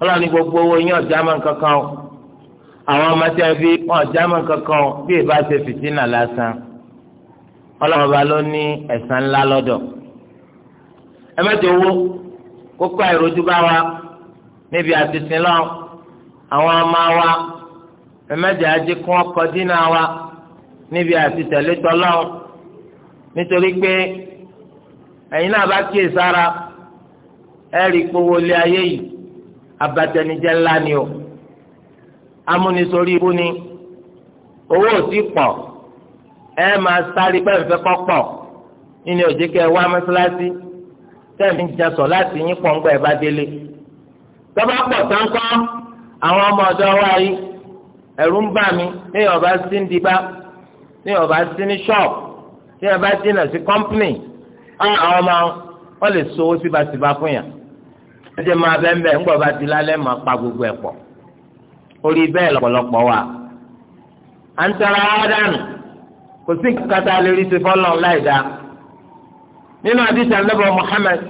ọlọ́ni gbogbo owó yín ọ̀já máa kankan o àwọn ọmọ tí ọ̀já kankan o bí ìbá ṣe fìtínà lásán ọlọ́run ọba ló ní ẹ̀san ńlá lọ́dọ̀ ẹ kókó àìrójú bá wa níbi àtìsín àwọn ọmọ wa ajé dínà wa. níbi àti tẹ̀lé tọ́lọ́run nítorí pé ẹ̀yin náà bá kíyè sára ẹ̀rí powó lé ayé yìí abatẹnijẹ́ ńlá ni o amúnisórí ibú ni owó ò sí pọ̀ ẹ máa sáré pẹ́ǹfẹ́ kọ́ pọ̀ nínú òjìkẹ́ wá mọ́sálásí tẹ́ẹ̀mí jasọ̀ láti yín pọ̀ ẹ̀ bá délé tọ́ba pọ̀ táńkọ́ àwọn ọmọ ọ̀dọ́ wa yìí ẹ̀rù ń bà mí ní ọ̀bá sí tí ọba sí ní ṣọ́ọ̀bù tí wọn company dínà sí kọ́mpìnì àwọn ọmọ wọn lè sowó síbàsíbà fún yàn ẹjẹ máa bẹ́ẹ̀ bẹ́ẹ̀ ńgbọ́ ti máa pa gbogbo ẹ̀ pọ̀ orí bẹ́ẹ̀ lọ́pọ̀lọpọ̀ wà à ń tara wá dànù kò sí kàtà lórí ti Muhammad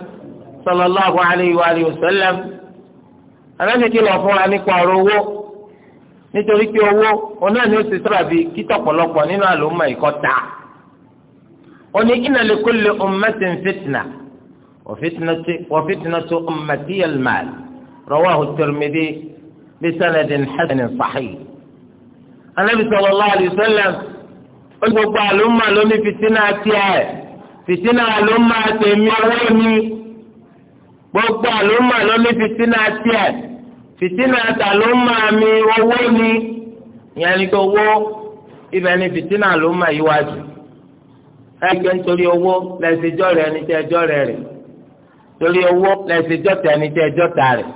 sallallahu alayhi wa sallam anábìkí lọ fún nípa ọ̀rọ̀ owó. nítorí pé owó òun náà ni ó ti sábàbí kítọ̀ pọ̀lọpọ̀ nínú àlòmọ̀ ìkọ́ ta ó ní inna li kulli ummatin fitna wa fitnatu wa fitnatu ummati al-mal rawahu at-Tirmidhi bi sanadin hasan sahih anabi sallallahu alayhi wa sallam ó gbogbo àlòmọ̀ ló ní tiẹ̀ fitina àlòmọ̀ tèmi ọwọ́ mi gbogbo àlòmọ̀ ló ní tiẹ̀. fìtínà ta ló máa mi owó ni ìyẹn tó wó ibẹ̀ ni fìtínà ló máa yí wájú ẹgbẹ́ nítorí owó lẹ́sẹ̀jọ́ rẹ̀ ní tẹ́jọ́ torí owó lẹ́sẹ̀jọ́ tẹ̀ ní tẹ́jọ́ ta rẹ̀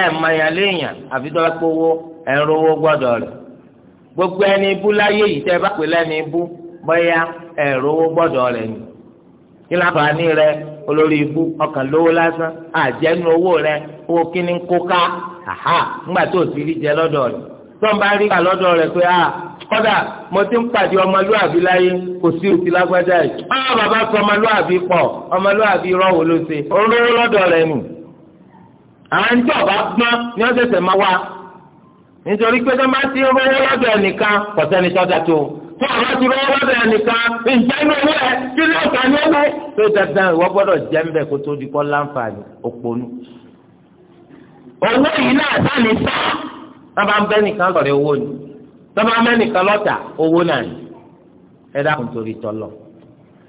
ẹ̀ mayà léèyàn àfi tó bá pé owó gbogbo ẹni ibú láyé yìí olórí ibú ọkàn lówó lásán àjẹnu owó rẹ owó kíní ń kó ká àhá ńgbà tó o ti rí jẹ lọ́dọ̀ rẹ tó ń rí kà rẹ pé a ah, kọ́dà mo ti ń pàdé ọmọlúwàbí láyé kò sí òsì lágbájá yìí ah, bàbá sọ ló ṣe olówó nù ọba ni máa wá nítorí pé tó àwọn ti rọ́ lọ́dọ̀ ẹnìkan ìjẹ́ inú owó ẹ̀ kí ló kà ní ẹgbẹ́. tó dandan ìwọ gbọ́dọ̀ jẹ́ ń bẹ̀ kó tó di kọ́ láǹfààní òponu. owó yìí náà sáni sá tábà ń bẹ́ nìkan lọ́rẹ̀ owó ni tábà ń bẹ́ nìkan lọ́tà owó náà ni ẹ dákun torí tọ́lọ̀.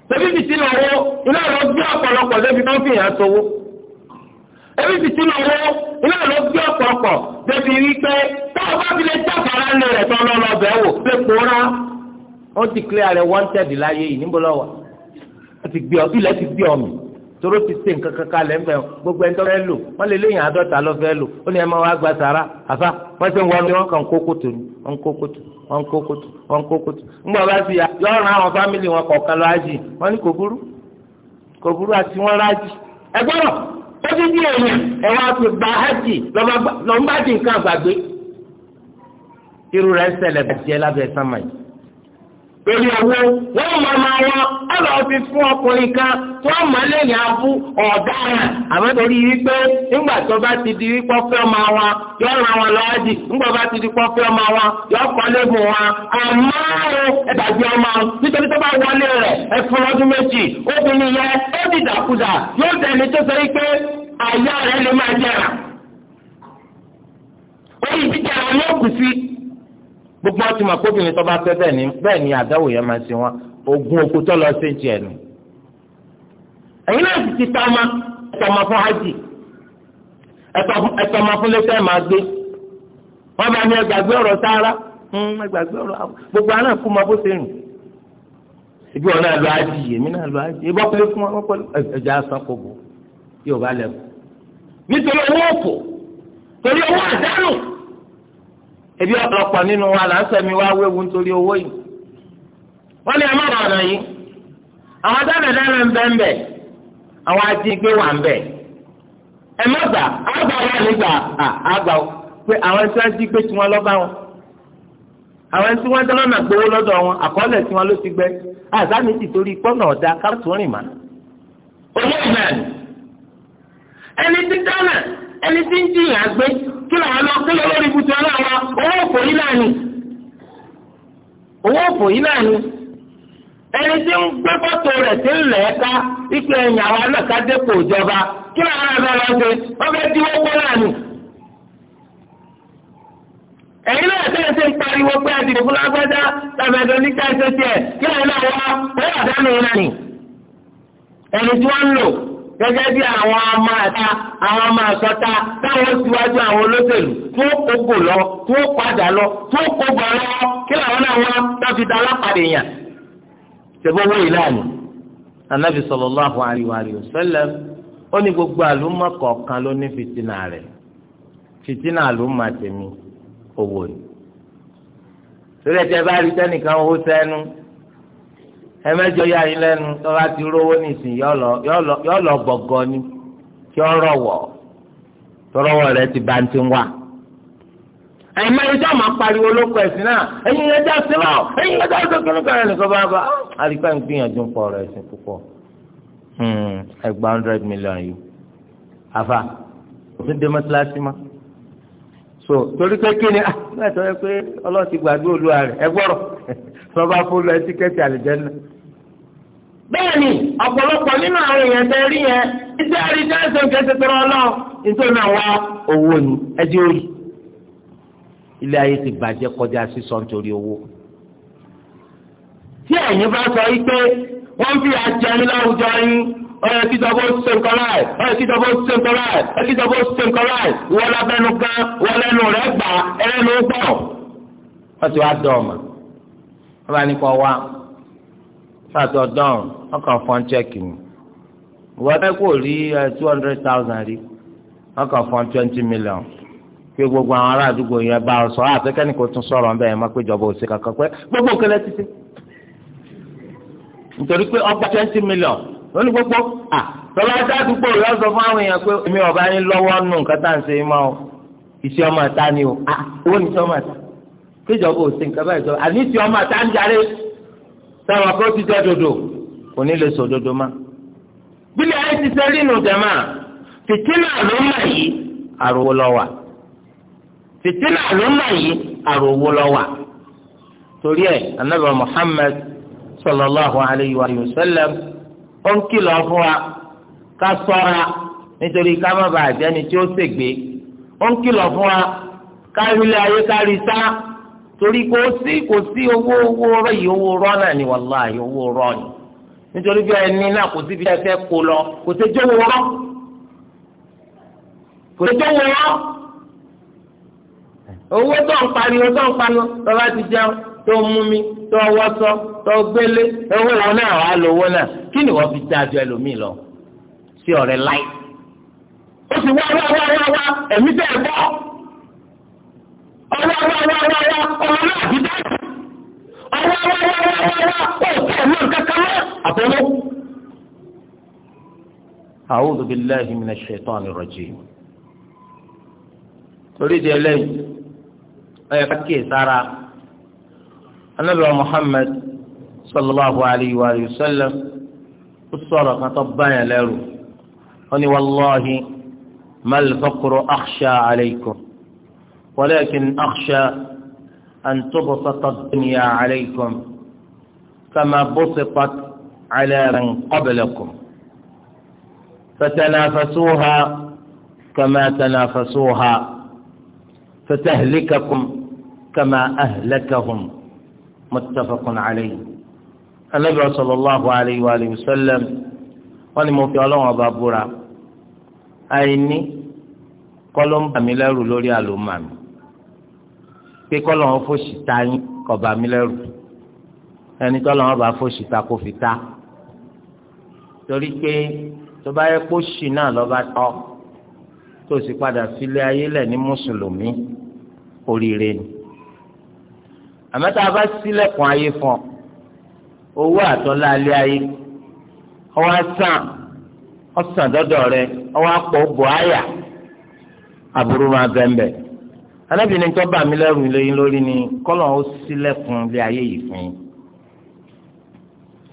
tẹ́bí ti ti lọ wo iná lọ gbé ọ̀pọ̀lọpọ̀ débi tó ń fi hàn sówó. ẹbí ti ti lọ wo iná lọ gbé ọ̀pọ̀lọpọ̀ débi wípé táwọn bá fi lè jáfara lé rẹ̀ lè pòórá wọ́n ti clear wanted láyé yìí níbo lọ́wọ́ wọ́n ti gbé ọ ilẹ̀ ti gbé ọ mi ti se nǹkan kankan lẹ́ mbẹ́ gbogbo lò wọ́n lè léyìn lọ fẹ́ lò ó ní máa wá gba sàrà àfa wọ́n ń wọ́n ní wọ́n kàn kó ní wọ́n kó wọ́n kó wọ́n kó ńgbà bá ti yà àwọn fámìlì wọn kọ̀ọ̀kan lọ ájì wọ́n ní kò burú àti wọ́n rájì ẹ ó lórí owó wọ́n mọ ọmọ wọn ọlọ́ fi fún ọkùnrin kan tí wọ́n mọ lẹ́yìn abú ọ̀daràn àmọ́ torí wípé nígbà tó bá ti di wípé ọfẹ́ ọmọ wọn yọ ra wọn lọ́wọ́ di nígbà bá ti di ọfẹ́ ọmọ wọn yọ wọn àmọ́ ẹ̀dàgbé ọmọ nítorí tó bá wọlé rẹ̀ ọdún méjì obìnrin yẹn ó yóò tẹ̀lé tó sọ wípé gbogbo ọtí mà kóbìnrin tó bá fẹ́ bẹ́ẹ̀ ni bẹ́ẹ̀ ni àdáwò yẹn máa ṣe wọn ogun oko tó lọ sí tiẹ̀ nù. ẹ̀yin náà sì ti tọ́mọ ẹ̀tọ́mọ fún hajj ẹ̀tọ́mọ fún lẹ́sẹ̀ máa gbé wọ́n bá ní ẹgbàgbé ọ̀rọ̀ sáárá hmm, ẹgbàgbé ọ̀rọ̀ gbogbo àná kú mọ bó ṣe rìn. ibi wọn náà lọ hajj èmi náà lọ hajj ìbọn pẹ̀lú fún wọn pẹ̀lú ẹja san kogo yóò bá lẹkọọ nítorí owó òfò torí owó àdánù ebi ọ̀pọ̀lọpọ̀ nínú wa là ń sẹ́mi wá wéwu nítorí owó yìí wọ́n ní ẹ má bà ọ̀nà yìí àwọn dánadáná ń bẹ ń bẹ àwọn ajínigbé wà ń bẹ ẹ má gbà àgbà wà nígbà àgbà pé àwọn tí wọ́n jí pé tí wọ́n lọ́ bá wọn àwọn tí wọ́n dáná nà gbowó lọ́dọ̀ wọn àkọọ́lẹ̀ tí wọ́n ló ti gbẹ àzáni ti torí pọ́nà ọ̀dà káàtó rìn mà. olóògbé ẹni tí dáná ẹni tí ń jìyà gbé kí làwọn lọ kí lọ́wọ́ ibùsùn owó òfò yìí náà ni owó òfò yìí náà ni ẹni tí ń gbé fọ́tò rẹ̀ tí ń lẹ̀ ẹ́ka ẹ̀yìn àwọn kí làwọn lọ náà ni. ẹ̀yin náà tẹ́lẹ̀ ṣe ń pariwo pé lágbájá tàbẹ̀dọ̀ ní tiẹ̀ kí gẹ́gẹ́ bí àwọn ọmọ ẹ̀ta àwọn ọmọ ẹ̀sọ́ta táwọn síwájú àwọn olóṣèlú tó kókò lọ tó padà lọ tó kókò lọ kí làwọn náà wá tó fi da alápàdé yàn. ṣèbówó ìlànà anabi sallallahu alaihi wa sallam ó ní gbogbo àlùmọ kọ̀ọ̀kan ló ní fìtínà rẹ̀ fìtínà àlùmọ àtẹmí owó ni. torí tẹ́ bá rí sẹ́nìkan owó sẹ́nu ẹmẹjọ yá yín lẹ́nu tó bá ti rówó nìsín yọ lọ gbọgọ ni kí ọ rọwọ tọrọwọ rẹ ti bá ti wá ẹ̀yin máa ń jẹ́ àmọ́ pariwo lóko ẹ̀sìn náà ẹ̀yin ẹja sílọ̀ ẹ̀yin ẹja sọ́kùnrin kan ẹ̀rìn kan bá bá. Ah. àríkà ń gbìyànjú ń pọ̀ ọ̀rọ̀ ẹ̀sìn púpọ̀ hmm, ẹgbàá hundred million yìí àfà òfin dé mọ́tíláṣí má. so torí pé kí ni láti ah, ọ̀rẹ́ pé ọlọ́ọ̀tì gbàgbé olúwa rẹ̀ ẹ gbọ́rọ̀ lọ́ba fún lọ ẹtíkẹ́tì àlìjẹ́ náà bẹ́ẹ̀ ni ọ̀pọ̀lọpọ̀ nínú àwọn èèyàn tẹ rí yẹn iṣẹ́ àríjá ẹ̀sẹ̀ ń kẹsẹ̀ tọrọ náà nítorí náà wá owó ni ẹjẹ́ òyì. ilé ayé ti bàjẹ́ kọjá sísọ nítorí owó. tí ẹ̀yin bá sọ yí pé wọ́n fi àjẹun láwùjọ yín ọ̀rẹ́ kíjọba ó ṣe nǹkan láì ọ̀rẹ́ kíjọba ó ṣe nǹkan láì wọ́n lábẹ́nu gan wọ́n lẹ́nu rẹ̀ gbà ẹlẹ́nu gbọ̀. wọ́n ti wá dọ̀ ọ̀mà wọ́n bá ní wá pàtó dán ọkàn fọn chẹ́kì ni wọ́n fẹ́ kó rí two hundred thousand rí ọkàn fọn twenty million pé gbogbo àwọn ará àdúgbò yẹn bá ọ sọ àtẹkẹ́ni ah, kò tún sọ̀rọ̀ ń bẹ̀ yẹn má pé ìjọba òsè kankan pé gbogbo kẹlẹ́ títí nítorí pé ọgbà twenty million ó ní gbogbo à ah, tọ́lá ẹ̀dá àdúgbò yọ sọ fún àwọn èèyàn pé èmi ọ̀bá yín lọ́wọ́ nù nǹkan tá à ń ṣe mọ́ ọ iṣẹ́ ọmọ àta ni o à ah, owó ni iṣẹ́ ọmọ àta pé ìjọba òsè nǹkan báyìí sọ àní iṣẹ́ ọmọ àta ń jarí táwọn akó ti jẹ́ dodo kò ní lè sọ dodo má. bílẹ̀ ayé ti sẹ́rí nù jẹ́mà fìtínà ló ń yìí àròwó fìtínà ló ń yìí Muhammad sallallahu alayhi wa sallam ó ń kìlọ̀ fún wa ká sọ́ra nítorí ká má bàa jẹ́ni tí ó ṣègbè ó ń kìlọ̀ torí kò sí kò sí owó owó yìí owó rọ náà ni yìí owó rọ ni nítorí bí ẹni náà kò síbi ẹsẹ kó lọ kò sí kò sí jówó rọ owó tó ń pariwo tó ń panu ti tó mú mi tó wọsọ tó gbélé owó náà wà lówó náà kí ni fi ẹlòmíì lọ sí láì. ó sì wá wá wá wá ẹ̀mí أعوذ بالله من الشيطان الرجيم تريد إليه أي فكيه سارة النبي محمد صلى الله عليه وآله وسلم الصورة طبعاً له أني والله ما الفقر أخشى عليكم ولكن أخشى أن تبسط الدنيا عليكم كما بسطت على من قبلكم فتنافسوها كما تنافسوها فتهلككم كما أهلكهم متفق عليه النبي صلى الله عليه وآله وسلم wọ́n ní mo fi ọlọ́run ọba búra àìní kọ́ ló ń bà mí lẹ́rù lórí àlòmọ́ mi pé kọ́lọ̀ wọn fòṣì ta yín kọba mi lẹ́rù ẹni tọ́lọ̀ wọn bá fòṣì ta kò fi ta torí pé tó bá yẹ kó ṣì náà lọ́ba tọ́ tó sì padà filé ayé lẹ̀ ní mùsùlùmí oríire ni àmọ́ tá a bá ṣílẹ̀kùn ayé fún ọ owó àtọ́lá alẹ́ ayé ọwọ́ sàn ọ̀sán dọ́dọ̀ rẹ ọwọ́ àpò bọ̀ àyà àbúrò máa bẹ́ẹ̀ bẹ́ẹ̀ anábì ní tọ́ba mi lẹ́rù lẹ́yìn lórí ni kọ́lọ̀ ó sílẹ̀kùn ilé ayé yìí fún yín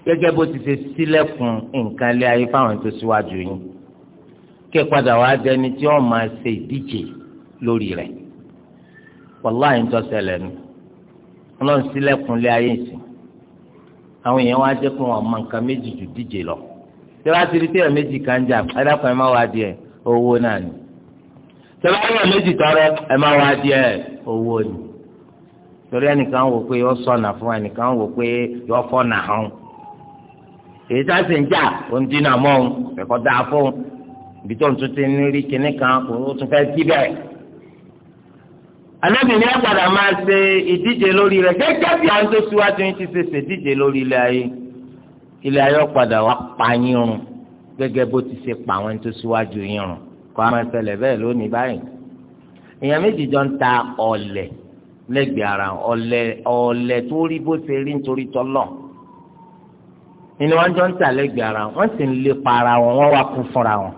gẹ́gẹ́ bó ti ṣe sílẹ̀kùn nǹkan ilé ayé fáwọn tó síwájú yín kí ẹ padà wá dẹni tí ó máa ṣe ìdíje lórí rẹ̀ wàláhì ń tọ́sẹ̀lẹ̀ nu ọlọ́run sílẹ̀kùn ilé ayé ìsìn àwọn èèyàn wá jẹ́ pé wọ́n mọ nǹkan méjì jù díje lọ tí wọ́n ti rí tí ẹ̀ méjì kan jà ẹ̀ dákun ẹ̀ má wá di ẹ̀ owó náà ni tẹ́lá yọ̀ méjì tọrọ ẹ máa wá díẹ̀ owó ni torí ẹnìkan wò pé yọ sọnà fún ẹnìkan wò pé yọ fọnà hàn èyí tá sì ń jà ó ń dínà mọ́ òun ẹ̀kọ́ dáa fóun ibi tó ń tún ti ń rí kinní kan kò ó tún fẹ́ kí bẹ́ẹ̀. anábìnrin àgbàdà máa ṣe ìdíje lórí rẹ̀ gẹ́gẹ́ bí àwọn tó síwájú yín ti ṣe ṣèdíje lórí ilé ayé ilé ayé ọ̀padà wà pa yín run bó ti ṣe pa tó síwájú yín run kọ́ àwọn ẹsẹ̀lẹ̀ bẹ́ẹ̀ lónìí báyìí èèyàn méjì jọ ń ta ọ̀lẹ̀ lẹ́gbẹ̀ẹ́ ara ọ̀lẹ̀ ọ̀lẹ̀ tó rí bó ṣe rí nítorí tọ́lọ̀ ni wọ́n jọ ń tà lẹ́gbẹ̀ẹ́ ara wọ́n sì ń lépa ara wọn wọ́n wá kú fúnra wọn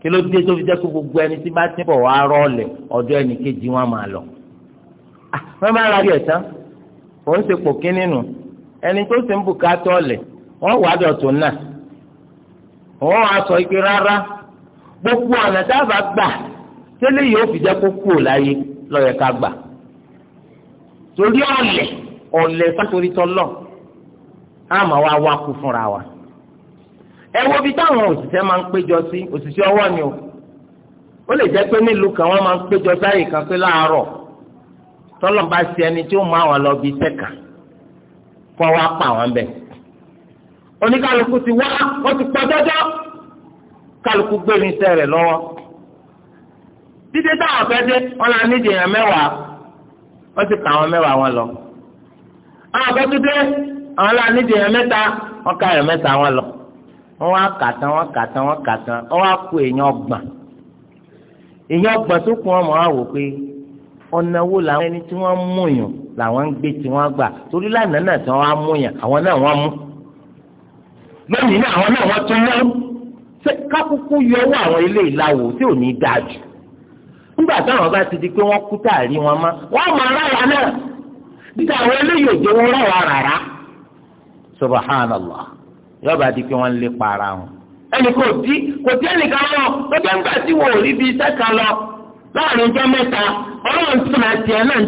kí ló dé tó fi jẹ́ kó gbogbo ẹni tí bá ti bọ̀ wá rọ́ọ̀lẹ̀ ọ̀dọ̀ ẹnì kejì wọn máa lọ. Ah, wọ́n máa ra rẹ̀ tán òun ṣe pò kí nínú ẹni tó sì ń bùkátọ́ ọ̀lẹ̀ wọ́n wàá dọ̀tún náà wọ́n wàá sọ ike rárá gbogbo ọ̀nà dábàá gbà tẹ́lẹ̀ yóò fi jẹ́ kó kú ò láyé lọ́yẹ̀ ká gbà torí ọ̀lẹ̀ ọ̀lẹ̀ sátorí tọ́lọ̀ àmọ́ wa wá kú fúnra wa ẹ wo bí táwọn òṣìṣẹ́ máa ń péjọ sí òṣìṣẹ́ ọwọ́ ni o ó lè jẹ́ pé nílùú kan wọ́n máa ń péjọ sáyè kan pé láàárọ̀ tọ́lọ̀ bá ṣe ẹni tí ó mú àwọn lọ bí sẹ́ka kọ́ pa àwọn bẹ́ẹ̀ oníkàlùkù ti wá ó ti pọ́ jọjọ́ kálukú gbé ní sẹ́ rẹ̀ lọ́wọ́ títí táwọn fẹ́ dé wọn là nídìí èèyàn mẹ́wàá wọ́n ti kà àwọn mẹ́wàá wọn lọ àwọn fẹ́ tó dé àwọn là nídìí èèyàn mẹ́ta wọ́n ká èèyàn mẹ́ta wọn lọ wọ́n wá kà tán wọ́n kà tán wọ́n kà tán wọ́n wá kó èèyàn ọgbọ̀n èèyàn ọgbọ̀n tó kún ọmọ wa wò pé ọ̀nà wo làwọn ẹni tí wọ́n mú yàn làwọn ń gbé tí wọ́n gbà torí lánàá náà tí wọ́n á mú yàn àwọn náà wọ́n mú lónìí náà àwọn náà wọ́n tún náà. kákúkú yọwọ́ àwọn ilé ìlàwò tí ò ní dáa jù nígbà táwọn bá ti di pé kú táàrí wọn mọ aráwa náà àwọn eléyìí òjò wọn ráwa rárá subhanallah yọba di pé wọ́n lé para wọn. ẹnì kò tí kò tí ẹnìkan lọ kò tí ẹnìkan tí wò rí bíi sẹ́ka lọ láàrin ọjọ́ mẹ́ta ọlọ́run tún máa tiẹ̀ náà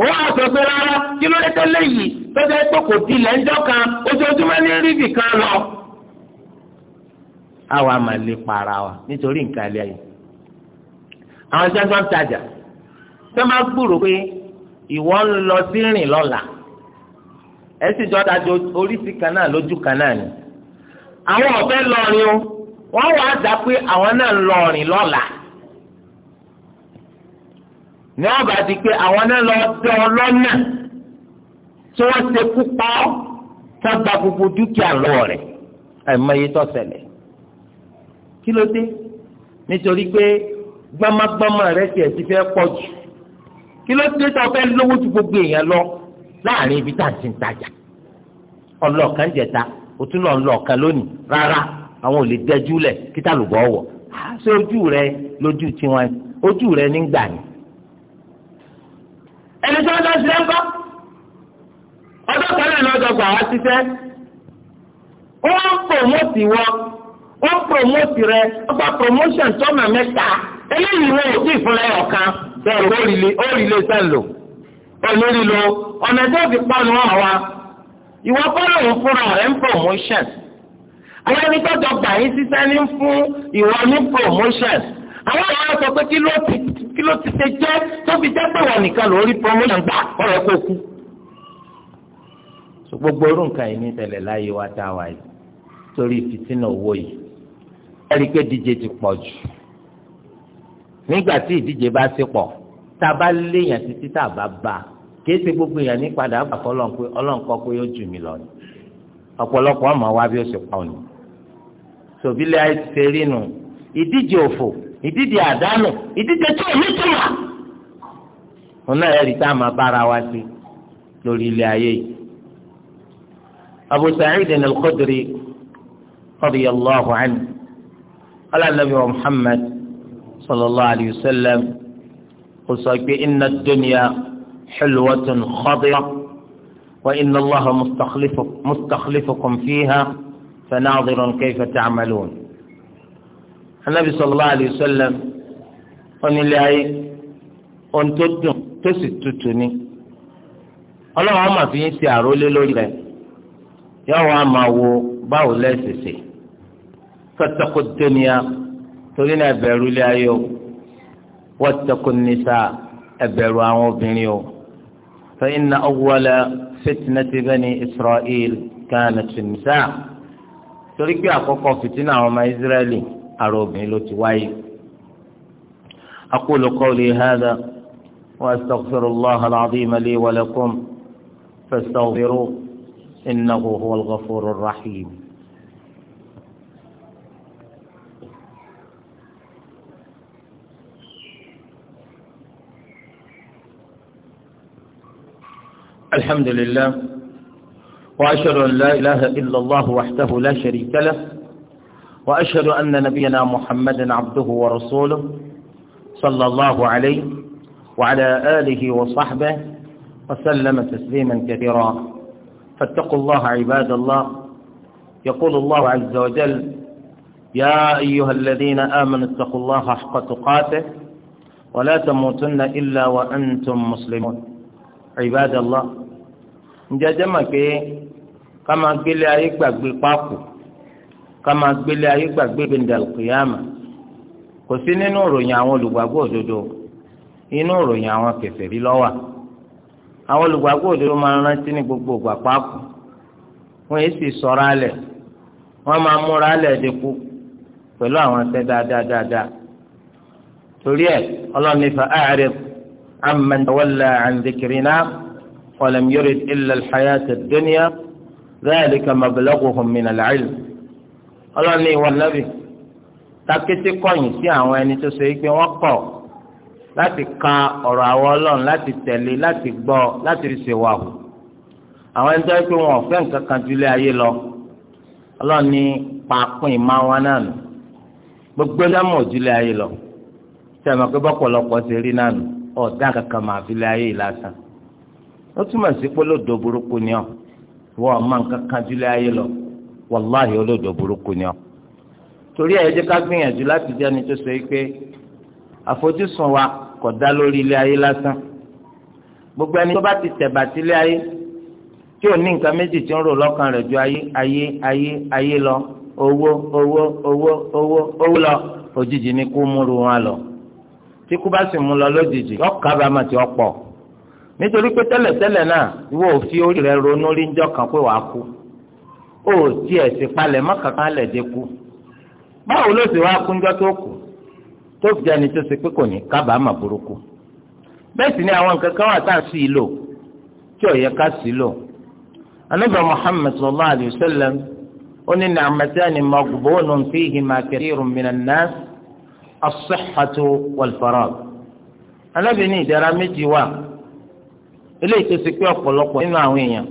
ń òun pé rárá kí ló dé tẹ́lẹ̀ yìí tó jẹ́ pé kò tilẹ̀ àwa máa lè para wa nítorí nǹkan ilé ayé àwọn tí wọ́n ń tajà tí wọ́n gbúrò pé ìwọ ń lọ sí rìn lọ́la ẹ sì jọ dájọ oríṣi kan náà lójú kan náà ni àwọn ọ̀fẹ́ lọrin o wọ́n wàá dá pé àwọn náà ń lọrin lọ́la ní wọ́n di pé àwọn náà lọ tẹ ọ lọ́nà tí wọ́n ṣe kú pa ọ́ tí gbogbo dúkìá lọ́wọ́ rẹ̀ ẹ̀ mọ iye tó ṣẹlẹ̀ kí ló dé nítorí pé gbámagbáma rẹ tiẹ̀ ti fẹ́ pọ̀ jù kí ló dé tó fẹ́ lówó ju gbogbo èèyàn lọ láàrin ibi tá à ń ti ń tajà ọlọ́ọ̀kan jẹta òtún lọ ọlọ́ọ̀kan lónìí rárá àwọn ò lè dẹjú lẹ̀ kí tá lùbọ̀ wọ̀ ṣé ojú rẹ lójú tiwọn ojú rẹ nígbà ni. ẹni tí wọ́n lọ sí lẹ́ńkọ́ ọdún kan náà lọ́jọ́ gbà wá síṣẹ́ wọ́n ń pò mọ́tì wọn wọ́n promote rẹ ọgbà promotion tọ́mà mẹ́ta eléyìí wọn ò tí ì fúnra ẹ̀ ọ̀kan bẹ́ẹ̀ ó rí lé ó rí lé sẹ́ńlò olórí lo ọ̀nà tó fi pa ni wọ́n wá ìwọ fọ́lọ̀ ń fúnra rẹ̀ ń promotion àwọn ẹni tó jọ gbà yín sísẹ́ ní fún ìwọ ní promotion àwọn ọ̀rọ̀ sọ pé kí ló ti kí ló ti ṣe jẹ́ tó fi jẹ́ pé wọ́n nìkan lórí promotion gbà ọ̀rọ̀ kò kú. gbogbo orú nǹkan yìí ní ìṣẹ̀lẹ̀ láyé wa dá wa yìí torí fìtínà owó yìí ẹ̀rí pé díje ti pọ̀ jù nígbà tí ìdíje bá sí pọ̀ tá a bá léèyàn títí tá a bá bá kì í ṣe gbogbo èèyàn ní padà àgbà fọlọ́n pé ọlọ́run kọ́ pé ó jù mí lọ ni ọ̀pọ̀lọpọ̀ ọmọ wa bí ó ṣe pa òní sòbílẹ̀ ṣe rí nu ìdíje òfò ìdíje àdánù ìdíje tí ò ní túmọ̀ òun náà ẹ̀rí tá a máa bára wa sí lórí ilé ayé yìí. Abu Sa'id al-Khudri radiyallahu anhu. قال النبي محمد صلى الله عليه وسلم قل إن الدنيا حلوة خضرة وإن الله مستخلف مستخلفكم فيها فناظر كيف تعملون النبي صلى الله عليه وسلم wọ́n ní ilé ayé ohun tó dùn tó sì tutù لي أن aye ohun to á ni يا ما maa باو yín ṣe فاتقوا الدنيا تولينا بẹ̀rù ilé ayé واتقوا النساء ẹ̀bẹ̀rù àwọn obìnrin o فإن أول فتنة بني إسرائيل كانت في النساء torí pé àkọ́kọ́ fìtínà àwọn ọmọ ìsírẹ́lì أقول قولي هذا وأستغفر الله العظيم لي ولكم فاستغفروه إنه هو الغفور الرحيم الحمد لله وأشهد أن لا إله إلا الله وحده لا شريك له وأشهد أن نبينا محمدا عبده ورسوله صلى الله عليه وعلى آله وصحبه وسلم تسليما كثيرا فاتقوا الله عباد الله يقول الله عز وجل يا أيها الذين آمنوا اتقوا الله حق تقاته ولا تموتن إلا وأنتم مسلمون Ibadallah njẹjẹ mà pé ká k'ama gbélé ayé gbàgbé k'ama gbélé ayé gbàgbé gbẹndàlùkìyàmà kò sí àwọn olùgbàgbọ́ òdodo inú ìròyìn àwọn kèfèrí ló wà àwọn olùgbàgbọ́ òdodo máa gbogbo ìgbà pákó wọn yìí sì wọn máa múra alẹ̀ dínkù pẹ̀lú àwọn dáadáa dáadáa torí ẹ̀ عمن تولى عن ذكرنا ولم يرد إلا الحياة الدنيا ذلك مبلغهم من العلم ọlọ́run ní ìwọ nàbì takété kọ̀yìn sí àwọn ẹni tó ṣe pé wọ́n kọ̀ láti ka ọ̀rọ̀ àwọn ọlọ́run láti tẹ̀lé láti gbọ́ láti rí ṣèwàhù àwọn ẹni tó ṣe pé wọn ò nǹkan kan ju ilé ayé lọ ọlọ́run ní paapin ìmọ̀ wọn náà nù gbogbo dámọ̀ ju ilé ayé lọ tẹ̀mọ̀ pé bọ́pọ̀lọpọ̀ ṣe rí náà nù ọ̀dà kankan máa fi lé ayé yìí lásán ó túmọ̀ sí pé olódò burúkú ni ọ wọ́n ọmọ nǹkan kan jùlọ ayé lọ wàláhì olódò burúkú ni ọ. torí ẹ̀ jẹ́ ká gbìyànjú láti jẹ́ ẹni tó sọ yìí pé àfojúsùn wa kò dá lórí ilé ayé lásán gbogbo ẹni tó bá ti tẹ̀bà sí ilé ayé tí ò ní nǹkan méjì tí ń rò lọ́kàn rẹ̀ ju ayé ayé ayé ayé lọ owó owó owó owó owó lọ òjijì ni kó múru wọn lọ. tí kú bá sì mú lọ lójijì ọkọ bá ti ọpọ nítorí pé tẹ́lẹ̀tẹ́lẹ̀ náà ìwọ ò orí rẹ ronú rí njọ́ kan pé wàá kú ó tiẹ̀ sì palẹ̀ mọ́ kankan lẹ̀ dé kú báwo ló sì wá kú njọ́ tó kù tó fi jẹni tó ṣe pé kò ní burúkú bẹ́ẹ̀ sì ni àwọn nǹkan kan wà tá a sì lò tí ò yẹ ká sì lò as-sihhatu wal-faragh alábìíní ìdára méjì wà eléyìí tó ṣe pé ọ̀pọ̀lọpọ̀ nínú àwọn èèyàn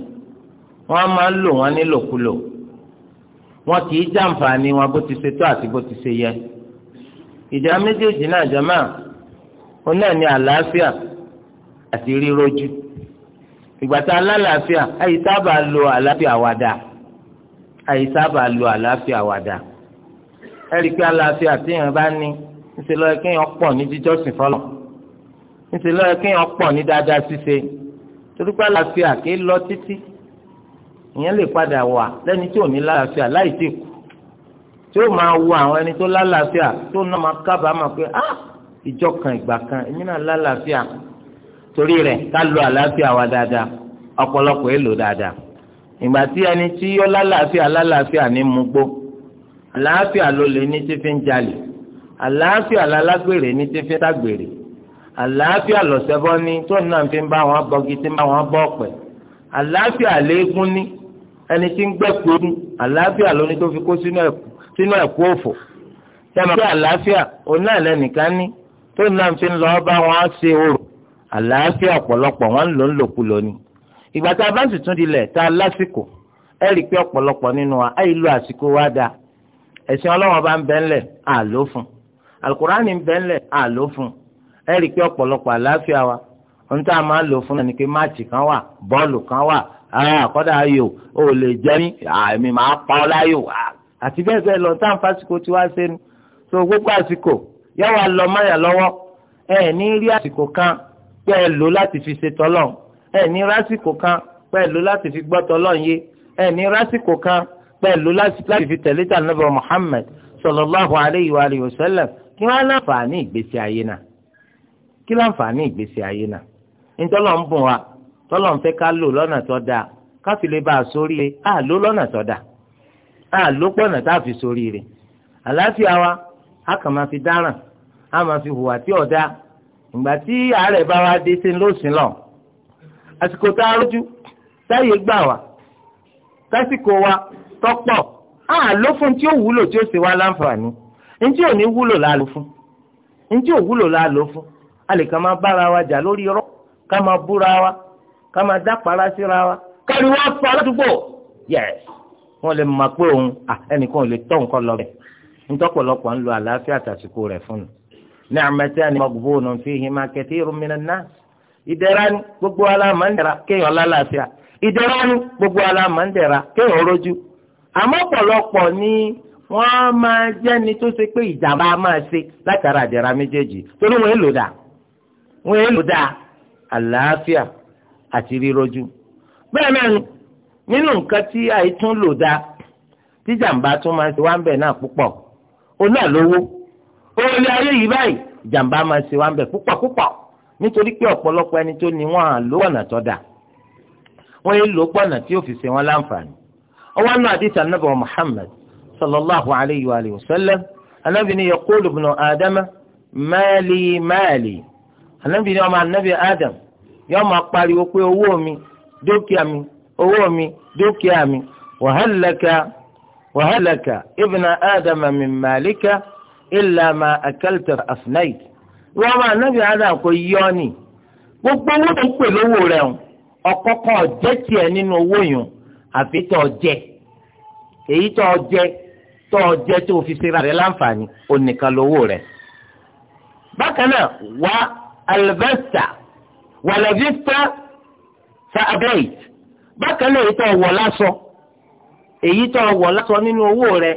wọ́n máa ń lò wọ́n nílòkulò wọn kì í jàǹfààní wọn bó ti ṣe tó àti bó ti ṣe yẹ ìdá méjèèjì náà jàmá òun náà ní àlàáfíà àti rírojú ìgbà tá a lálàáfíà àyè sábà lo àlàáfíà wa dáa àyè sábà lo àlàáfíà wa dáa ẹ rí i pé àlàáfíà téèyàn bá ní ńṣe ló yẹ kéèyàn pọ̀ ní jíjọ́sìn fọlọ́ ńṣe ló yẹ kéèyàn pọ̀ ní dáadáa ṣíṣe torí pé àlàáfíà kì í lọ títí ìyẹn lè padà wà lẹ́ni tí ò ní lálàáfíà láì tí kù tí ó máa wo àwọn ẹni tó lálàáfíà tó náà máa kábàámọ̀ pé ah ìjọ kan ìgbà kan èmi náà lálàáfíà torí rẹ̀ ká lo àlàáfíà wa dáadáa ọ̀pọ̀lọpọ̀ èlò dáadáa ìgbà tí ẹni tí yọ lálàáfíà lálàáfíà ní mugbó àlàáfíà ló lè ní tí fi ń jalè àlàáfíà lálágbèrè ní tí ń fi tágbèrè àlàáfíà lọ̀sẹ̀bọ́ ní tó náà fi ń bá wọn bọ́gi tí ń bá wọn bọ́ ọ̀pẹ̀ àlàáfíà léegun ní ẹni tí ń gbẹ́kọ̀ọ́ ní àlàáfíà lóní tó fi kó sínú ẹ̀kú òfò tẹ́lẹ̀ pé àlàáfíà òun náà lẹ́nìkan ní tó náà fi ń lọ bá wọn ṣe òrò àlàáfíà ọ̀pọ̀lọpọ̀ wọn ń lò ń lòkú lónìí ìgbà tá a bá sì tún dilẹ̀ tá a lásìkò ẹ alukurani bẹ́ńlẹ̀ à ló fún ẹ rí ọ̀pọ̀lọpọ̀ àlàáfíà wa ohun tá a máa lò fún náà ni pé máàcì kan wà bọ́ọ̀lù kan wà àkọ́dà ayò ò lè jẹ́ mi àmì máa pa ọ́ láyò àti bẹ́ẹ̀ bẹ́ẹ̀ lọ táwọn fásitì tí wàá ṣe nu so gbogbo àsìkò yàwó alọ máyà lọ́wọ́ ẹ ní rí àsìkò kan pé ẹ lò láti fi ṣe tọ́lọ̀ ẹ ní rásìkò kan pé ẹ lò láti fi gbọ́ tọ́lọ̀ yé ẹ ní rásìkò kan pé ẹ lò láti fi tẹ̀lé tà nàbẹ̀ Muhammad sallallahu alayhi wa alihi wa sallam kí wọ́n á láǹfààní ìgbésí ayé náà kí láǹfààní ìgbésí ayé náà ntọ́lọ̀ ń bùn wa tọ́lọ̀ ń fẹ́ ká lò lọ́nà tó dáa ká lè bá a sórí rẹ̀ á lò lọ́nà tó dáa á lò pọ̀nà tá a fi sórí rẹ̀ àlàáfíà wa a kàn máa fi dáràn a máa fi hùwà tí ọ̀dà ìgbà tí àárẹ̀ bá wa dé sí lóòsìn lọ àsìkò tá a rójú táyé gbà wá tásìkò wa tọ́pọ̀ á lò fún tí ó wúlò tí ó ṣe wá láǹfààní. ntí omi wulo wúlò la lò fún ntí ò la lò fún a ká máa bára wa jà lórí irọ́ ká máa búra wa ká máa dápara síra wa wọn lè máa pé òun ẹnìkan ò lè tọ nǹkan lọ ń lo àlàáfíà fún ní ni fi hin máa náà ni gbogbo aláàmà ń dẹ̀ra kéèyàn lálàáfíà ni àmọ́ ní wọ́n á máa jẹ́ni tó ṣe pé ìjàmbá ma máa ṣe látara àdẹ̀ra méjèèjì torí wọ́n èlò dà wọ́n èlò dà àlàáfíà àti rírojú. bẹ́ẹ̀ náà nínú nǹkan tí àìtún lò tí jàǹbá tún máa ṣe wá ń náà púpọ̀ ó náà lówó ayé báyìí máa ṣe wá púpọ̀ púpọ̀ nítorí pé ọ̀pọ̀lọpọ̀ ẹni tó sallallahu alayhi wa alihi wa sallam anabi ni yaqulu ibn adama maali maali anabi ni ọmọ anabi adam yóò máa pariwo pé owó mi dúkìá mi owó mi dúkìá mi wàhálàkà wàhálàkà ibn adama min màlíkà illa ma akalta afnayt wọ́n máa anabi adam kò yọ ni gbogbo owó tó ń pè lówó rẹ̀ o ọ̀kọ̀ọ̀kan ọ̀jẹ́ tiẹ̀ nínú owó yẹn àfi tó ọ̀jẹ́ èyí tó ọ̀jẹ́ tó o jẹ tó o fi ṣe ra rẹ láǹfààní o nìkan lówó rẹ. bákan náà wà alvesta wàlẹ́vista sàbẹ̀t bákan náà èyí tó o wọ̀ lásọ èyí tó o wọ̀ lásọ nínú owó rẹ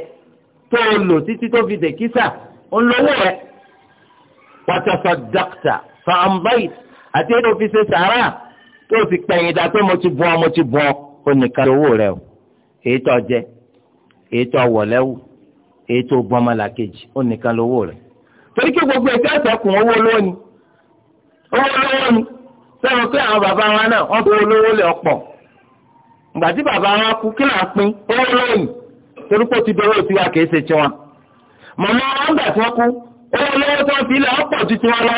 tó o lò títí tó fi dèkísà o ń lówó rẹ. pàtàkì dàkítà fàmbáìt àti èyí tó o fi ṣe sàárà tó o fi pẹ̀yìn dà pé mo ti bọ́ mo ti bọ́ o nìkan lówó rẹ o èyí tó o èyí tó wọ̀ lẹ́wù èyí tó bọ́mọ làkejì ó nìkan lówó rẹ̀ torí kí gbogbo ẹ̀jẹ̀ àtẹ̀kùn owó lówó ni owó lówó ni sẹ́wọ̀n pé àwọn bàbá wa náà wọ́n fi olówó lẹ̀ ọ̀pọ̀ ìgbà tí bàbá wa kú kí là ń pín owó lówó ni torí pé ti dọwọ́ sí wa kìí ṣe tiwọn màmá wọn gbà tí wọ́n kú owó lówó tó ń fi ilẹ̀ ọ̀pọ̀ ju tiwọn lọ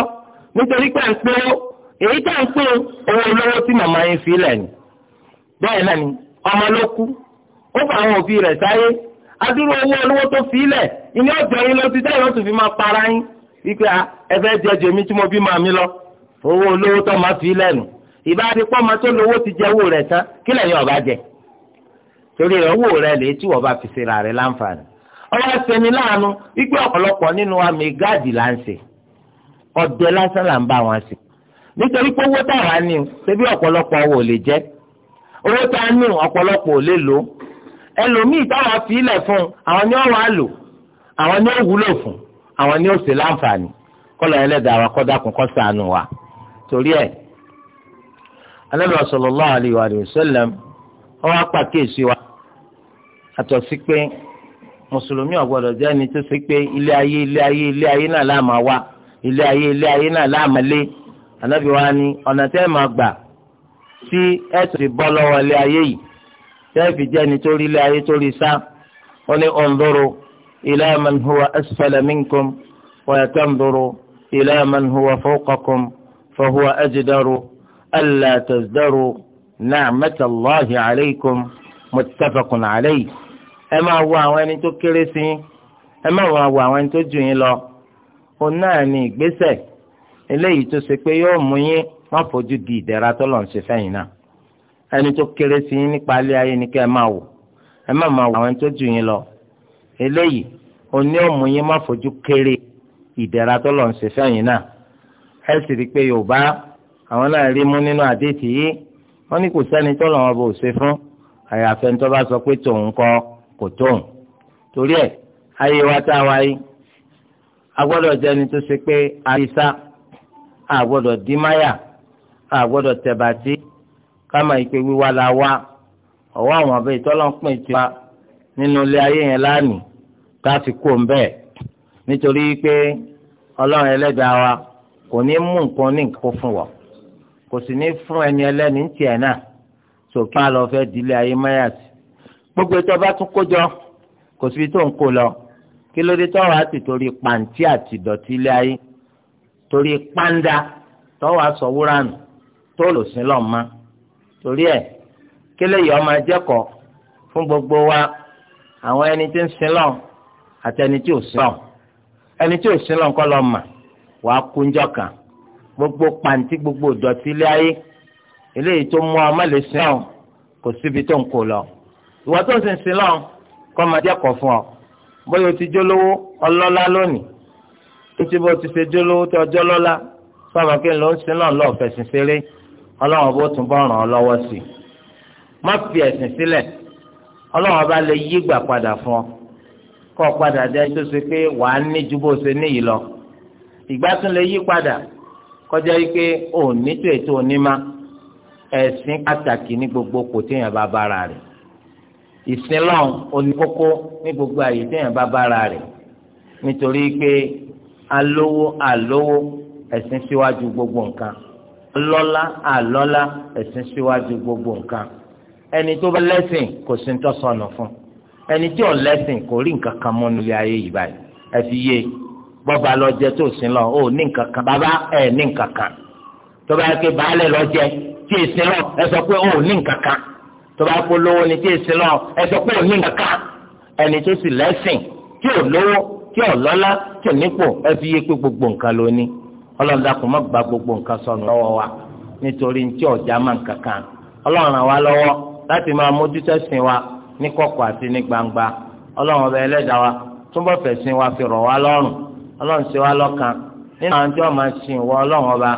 nítorí pé à ń pé èyí tá ń pé owó lówó tí màmá yẹn fi ilẹ̀ ni bẹ́ẹ̀ náà ni ọmọ ló kú ó fà àwọn òbí rẹ̀ sáyé adúrú owó olówó tó fi ilẹ̀ ìní ọ̀jọ̀ yín lọ sí dáhùn fi máa para yín wípé ẹ fẹ́ jẹ tí lọ owó olówó tó máa fi ilẹ̀ nù pọ́ ọmọ tó lówó ti jẹ owó rẹ̀ tán kí lẹ́yìn ọba jẹ torí owó rẹ lè tí wọ́n bá fi láǹfààní láàánú wípé ọ̀pọ̀lọpọ̀ nínú àmì gáàdì là ń ṣe lásán là ń bá wọn ṣe nítorí pé owó ẹlòmíì táwọn fi ilẹ̀ fún àwọn ni wọ́n wá lò àwọn ni ó wúlò fún àwọn ni ó ṣe láǹfààní kọ́lọ̀ ẹlẹ́dàá wa kọ́dákun kó ṣàánú wa torí ẹ̀ Ànábì sallallahu alayhi wa sallam wọ́n á pàkíyèsí wa àtọ̀ sí pé mùsùlùmí ọ̀gbọ́dọ̀ jẹ́ ẹni tó ṣe pé ilé ayé ilé ayé ilé ayé náà láàmà wá ilé ayé ilé ayé náà láàmà lé Ànábì ni ọ̀nà tẹ́ ẹ̀ máa gbà tí ẹ̀ tó ti bọ́ lọ́wọ́ ilé ayé yìí tẹ́ẹ̀fì jẹ́ ẹni tó rí ilé ayé tó rí sá wọ́n ní ọ̀nzọ́rò ila man huwa asfala minkum wa yatanzuru ila man huwa fawqakum fa huwa ajdaru alla tazdaru ni'matallahi alaykum muttafaqun alayhi ẹ máa wo àwọn ẹni tó kéré sí ẹ máa wo àwọn ẹni tó jù yín lọ òun náà ní ìgbésẹ̀ eléyìí tó ṣe pé yóò mú yín má fojú di ìdẹ̀ra tó lọ́n ṣe fẹ́yìn náà ẹni tó kéré sí yín nípa ilé ayé ni kẹ́ ẹ máa wò ẹ má máa wò àwọn tó jù yín lọ eléyìí oní ọmọ yín má fojú kéré ìdẹ̀ra tó lọ́n ṣe fẹ́yìn náà ẹ sì rí i pé yorùbá àwọn náà rí mú nínú àdéhìí yìí wọ́n ní kò sẹ́ni tó lọ́wọ́ bò ṣe fún àyàfẹ́ ní tó bá sọ pé tòun kọ́ kò tóun torí ẹ̀ ayé wa tá a wá yìí a gbọ́dọ̀ jẹ́ ẹni tó ṣe pé àrísá a gbọ́dọ̀ dímáyà a gbọ́dọ̀ tẹ̀bàtì kama ìpè wíwá la wá ọwọ́ àwọn ọ̀bẹ ìtọ́lọ́pọ̀ ìtura nínú ilé ayé yẹn lánìí tá a fi kó ń bẹ́ẹ̀ nítorí pé ọlọ́run ẹlẹ́dàá wa kò ní mú nǹkan ní nǹkan fún wa kò sì ní fún ẹni ẹlẹ́ni ń tiẹ̀ náà sòkè àlọ́ fẹ́ di ilé ayé mayas gbogbo ètò ọba tún kójọ kò síbi tó ń kó lọ kí ló dé tọ́wọ́ àti torí pàǹtí àti ìdọ̀tí ilé ayé torí pàǹdà tọ́wọ́ àsọ̀wúrà tó lò sí lọ́ọ̀ máa torí ẹ̀ kílẹ̀ yìí ọmọ ajẹ́kọ̀ọ́ fún gbogbo wa àwọn ẹni tí ń sin lọ́n àti ẹni tí ò sin lọ́n ẹni tí ò sin lọ́n kọ́ lọ́ọ́ mà wàá kúnjọ́ kan gbogbo pàǹtí gbogbo ìdọ̀tí ilé ayé eléyìí tó mú ọmọ lè sin lọ́n kò síbi tó ń kó lọ ìwọ tó ń sin sin lọ́n kọ́ ọmọ ajẹ́kọ̀ọ́ fún ọ bóyá o ti jólówó ọlọ́lá lónìí títí ti ṣe jólówó tó ọjọ́ fún ọmọ kí n ló ń sin lọ́n lọ́ọ̀fẹ́ sin ṣeré ọlọ́run bó tún bọ́ ràn ọ́ lọ́wọ́ sí i má fi ẹ̀sìn sílẹ̀ ọlọ́run bá lè yí gbà padà fún ọ kọ́ ọ padà dé tó ṣe pé wàá ní ju bó ṣe níyì lọ ìgbà tún lè yí padà kọjá yìí pé ò ní tó ètò onímá ẹ̀sìn pàtàkì ní gbogbo kò téèyàn bá bára rẹ̀ ìsìn oníkókó ní gbogbo àyè téèyàn bá bára rẹ̀ nítorí pé alówó alówó ẹ̀sìn síwájú gbogbo nǹkan lọ́lá àlọ́lá ẹ̀sìn síwájú gbogbo nǹkan ẹni tó bá lẹ́sìn kò sí ń tọ́sọ̀nà fún ẹni tí ò lẹ́sìn kò rí nǹkan kan mọ́ nílé ayé yìí báyìí ẹ fi yé bọ́ba lọ́jẹ́ tó sí lọ ó ní nǹkan kan bàbá ẹ̀ ní nǹkan kan tó bá yẹ kí baálẹ̀ lọ́jẹ́ tí èsì lọ ẹ sọ pé ó ní nǹkan kan tó bá kó lówó ni tí èsì lọ ẹ sọ pé ó ní nǹkan kan ẹni tó sì lẹ́sìn tí ò lówó tí ò lọ́lá tí nípò ẹ fi yé pé gbogbo nǹkan lóní ọlọ́run dàkún má gba gbogbo nǹkan sọnù lọ́wọ́ wa nítorí ntí ọ̀já máa ń kankan ọlọ́run ràn wá lọ́wọ́ láti máa mójútó sìn wa ní kọ̀kọ̀ àti ní gbangba ọlọ́run ọba ẹlẹ́dàá wa túnbọ̀ fẹ̀sìn wa fi rọ̀ wá lọ́rùn ọlọ́run ṣe wá lọ́kan nínú àwọn tí wọ́n máa sìn wọ ọlọ́run ọba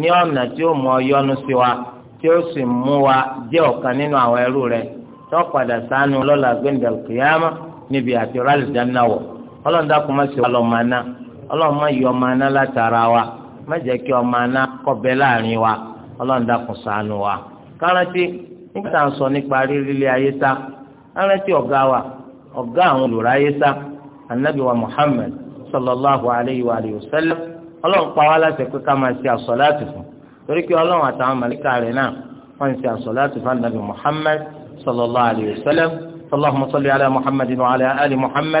ní ọ̀nà tí ó mú ọ yọ́nú sí wa tí ó sì mú wa jẹ́ ọ̀kan nínú àwọn ẹrú rẹ̀ tó padà sánú lọ́la gbẹ̀ndẹ̀lùkìyàmá níbi àti rálì ọlọ́run má yọ ọmọ aná látara wa má jẹ́ kí ọmọ aná kọ́bẹ láàrin wa ọlọ́run dákun ṣàánú wa kárántì nígbà tá à ń sọ nípa rírílé ayé sá kárántì ọ̀gá wa ọ̀gá àwọn olùráyé sá anabi wa muhammed sallallahu alayhi wa alihi wa sallam ọlọ́run pa wá láti pé ká máa ṣe àsọ̀láàtì fún torí pé ọlọ́run àtàwọn màlíkà rẹ̀ náà wọ́n ń ṣe àsọ̀láàtì fún anabi muhammed sallallahu alayhi wa sallam allahumma salli wa ala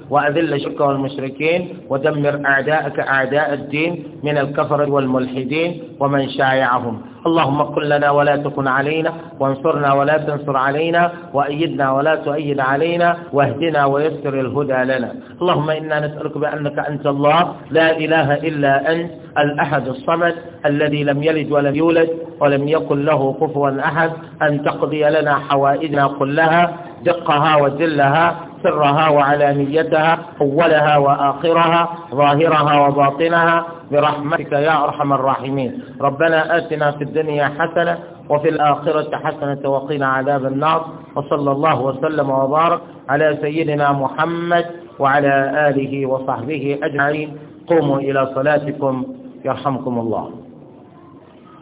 وأذل شرك والمشركين ودمر أعداءك أعداء الدين من الكفر والملحدين ومن شايعهم اللهم قل لنا ولا تكن علينا وانصرنا ولا تنصر علينا وأيدنا ولا تؤيد علينا واهدنا ويسر الهدى لنا اللهم إنا نسألك بأنك أنت الله لا إله إلا أنت الأحد الصمد الذي لم يلد ولم يولد ولم يكن له كفوا أحد أن تقضي لنا حوائجنا كلها دقها وجلها سرها وعلانيتها أولها وآخرها ظاهرها وباطنها برحمتك يا أرحم الراحمين ربنا آتنا في الدنيا حسنة وفي الآخرة حسنة وقنا عذاب النار وصلى الله وسلم وبارك على سيدنا محمد وعلى آله وصحبه أجمعين قوموا إلى صلاتكم يرحمكم الله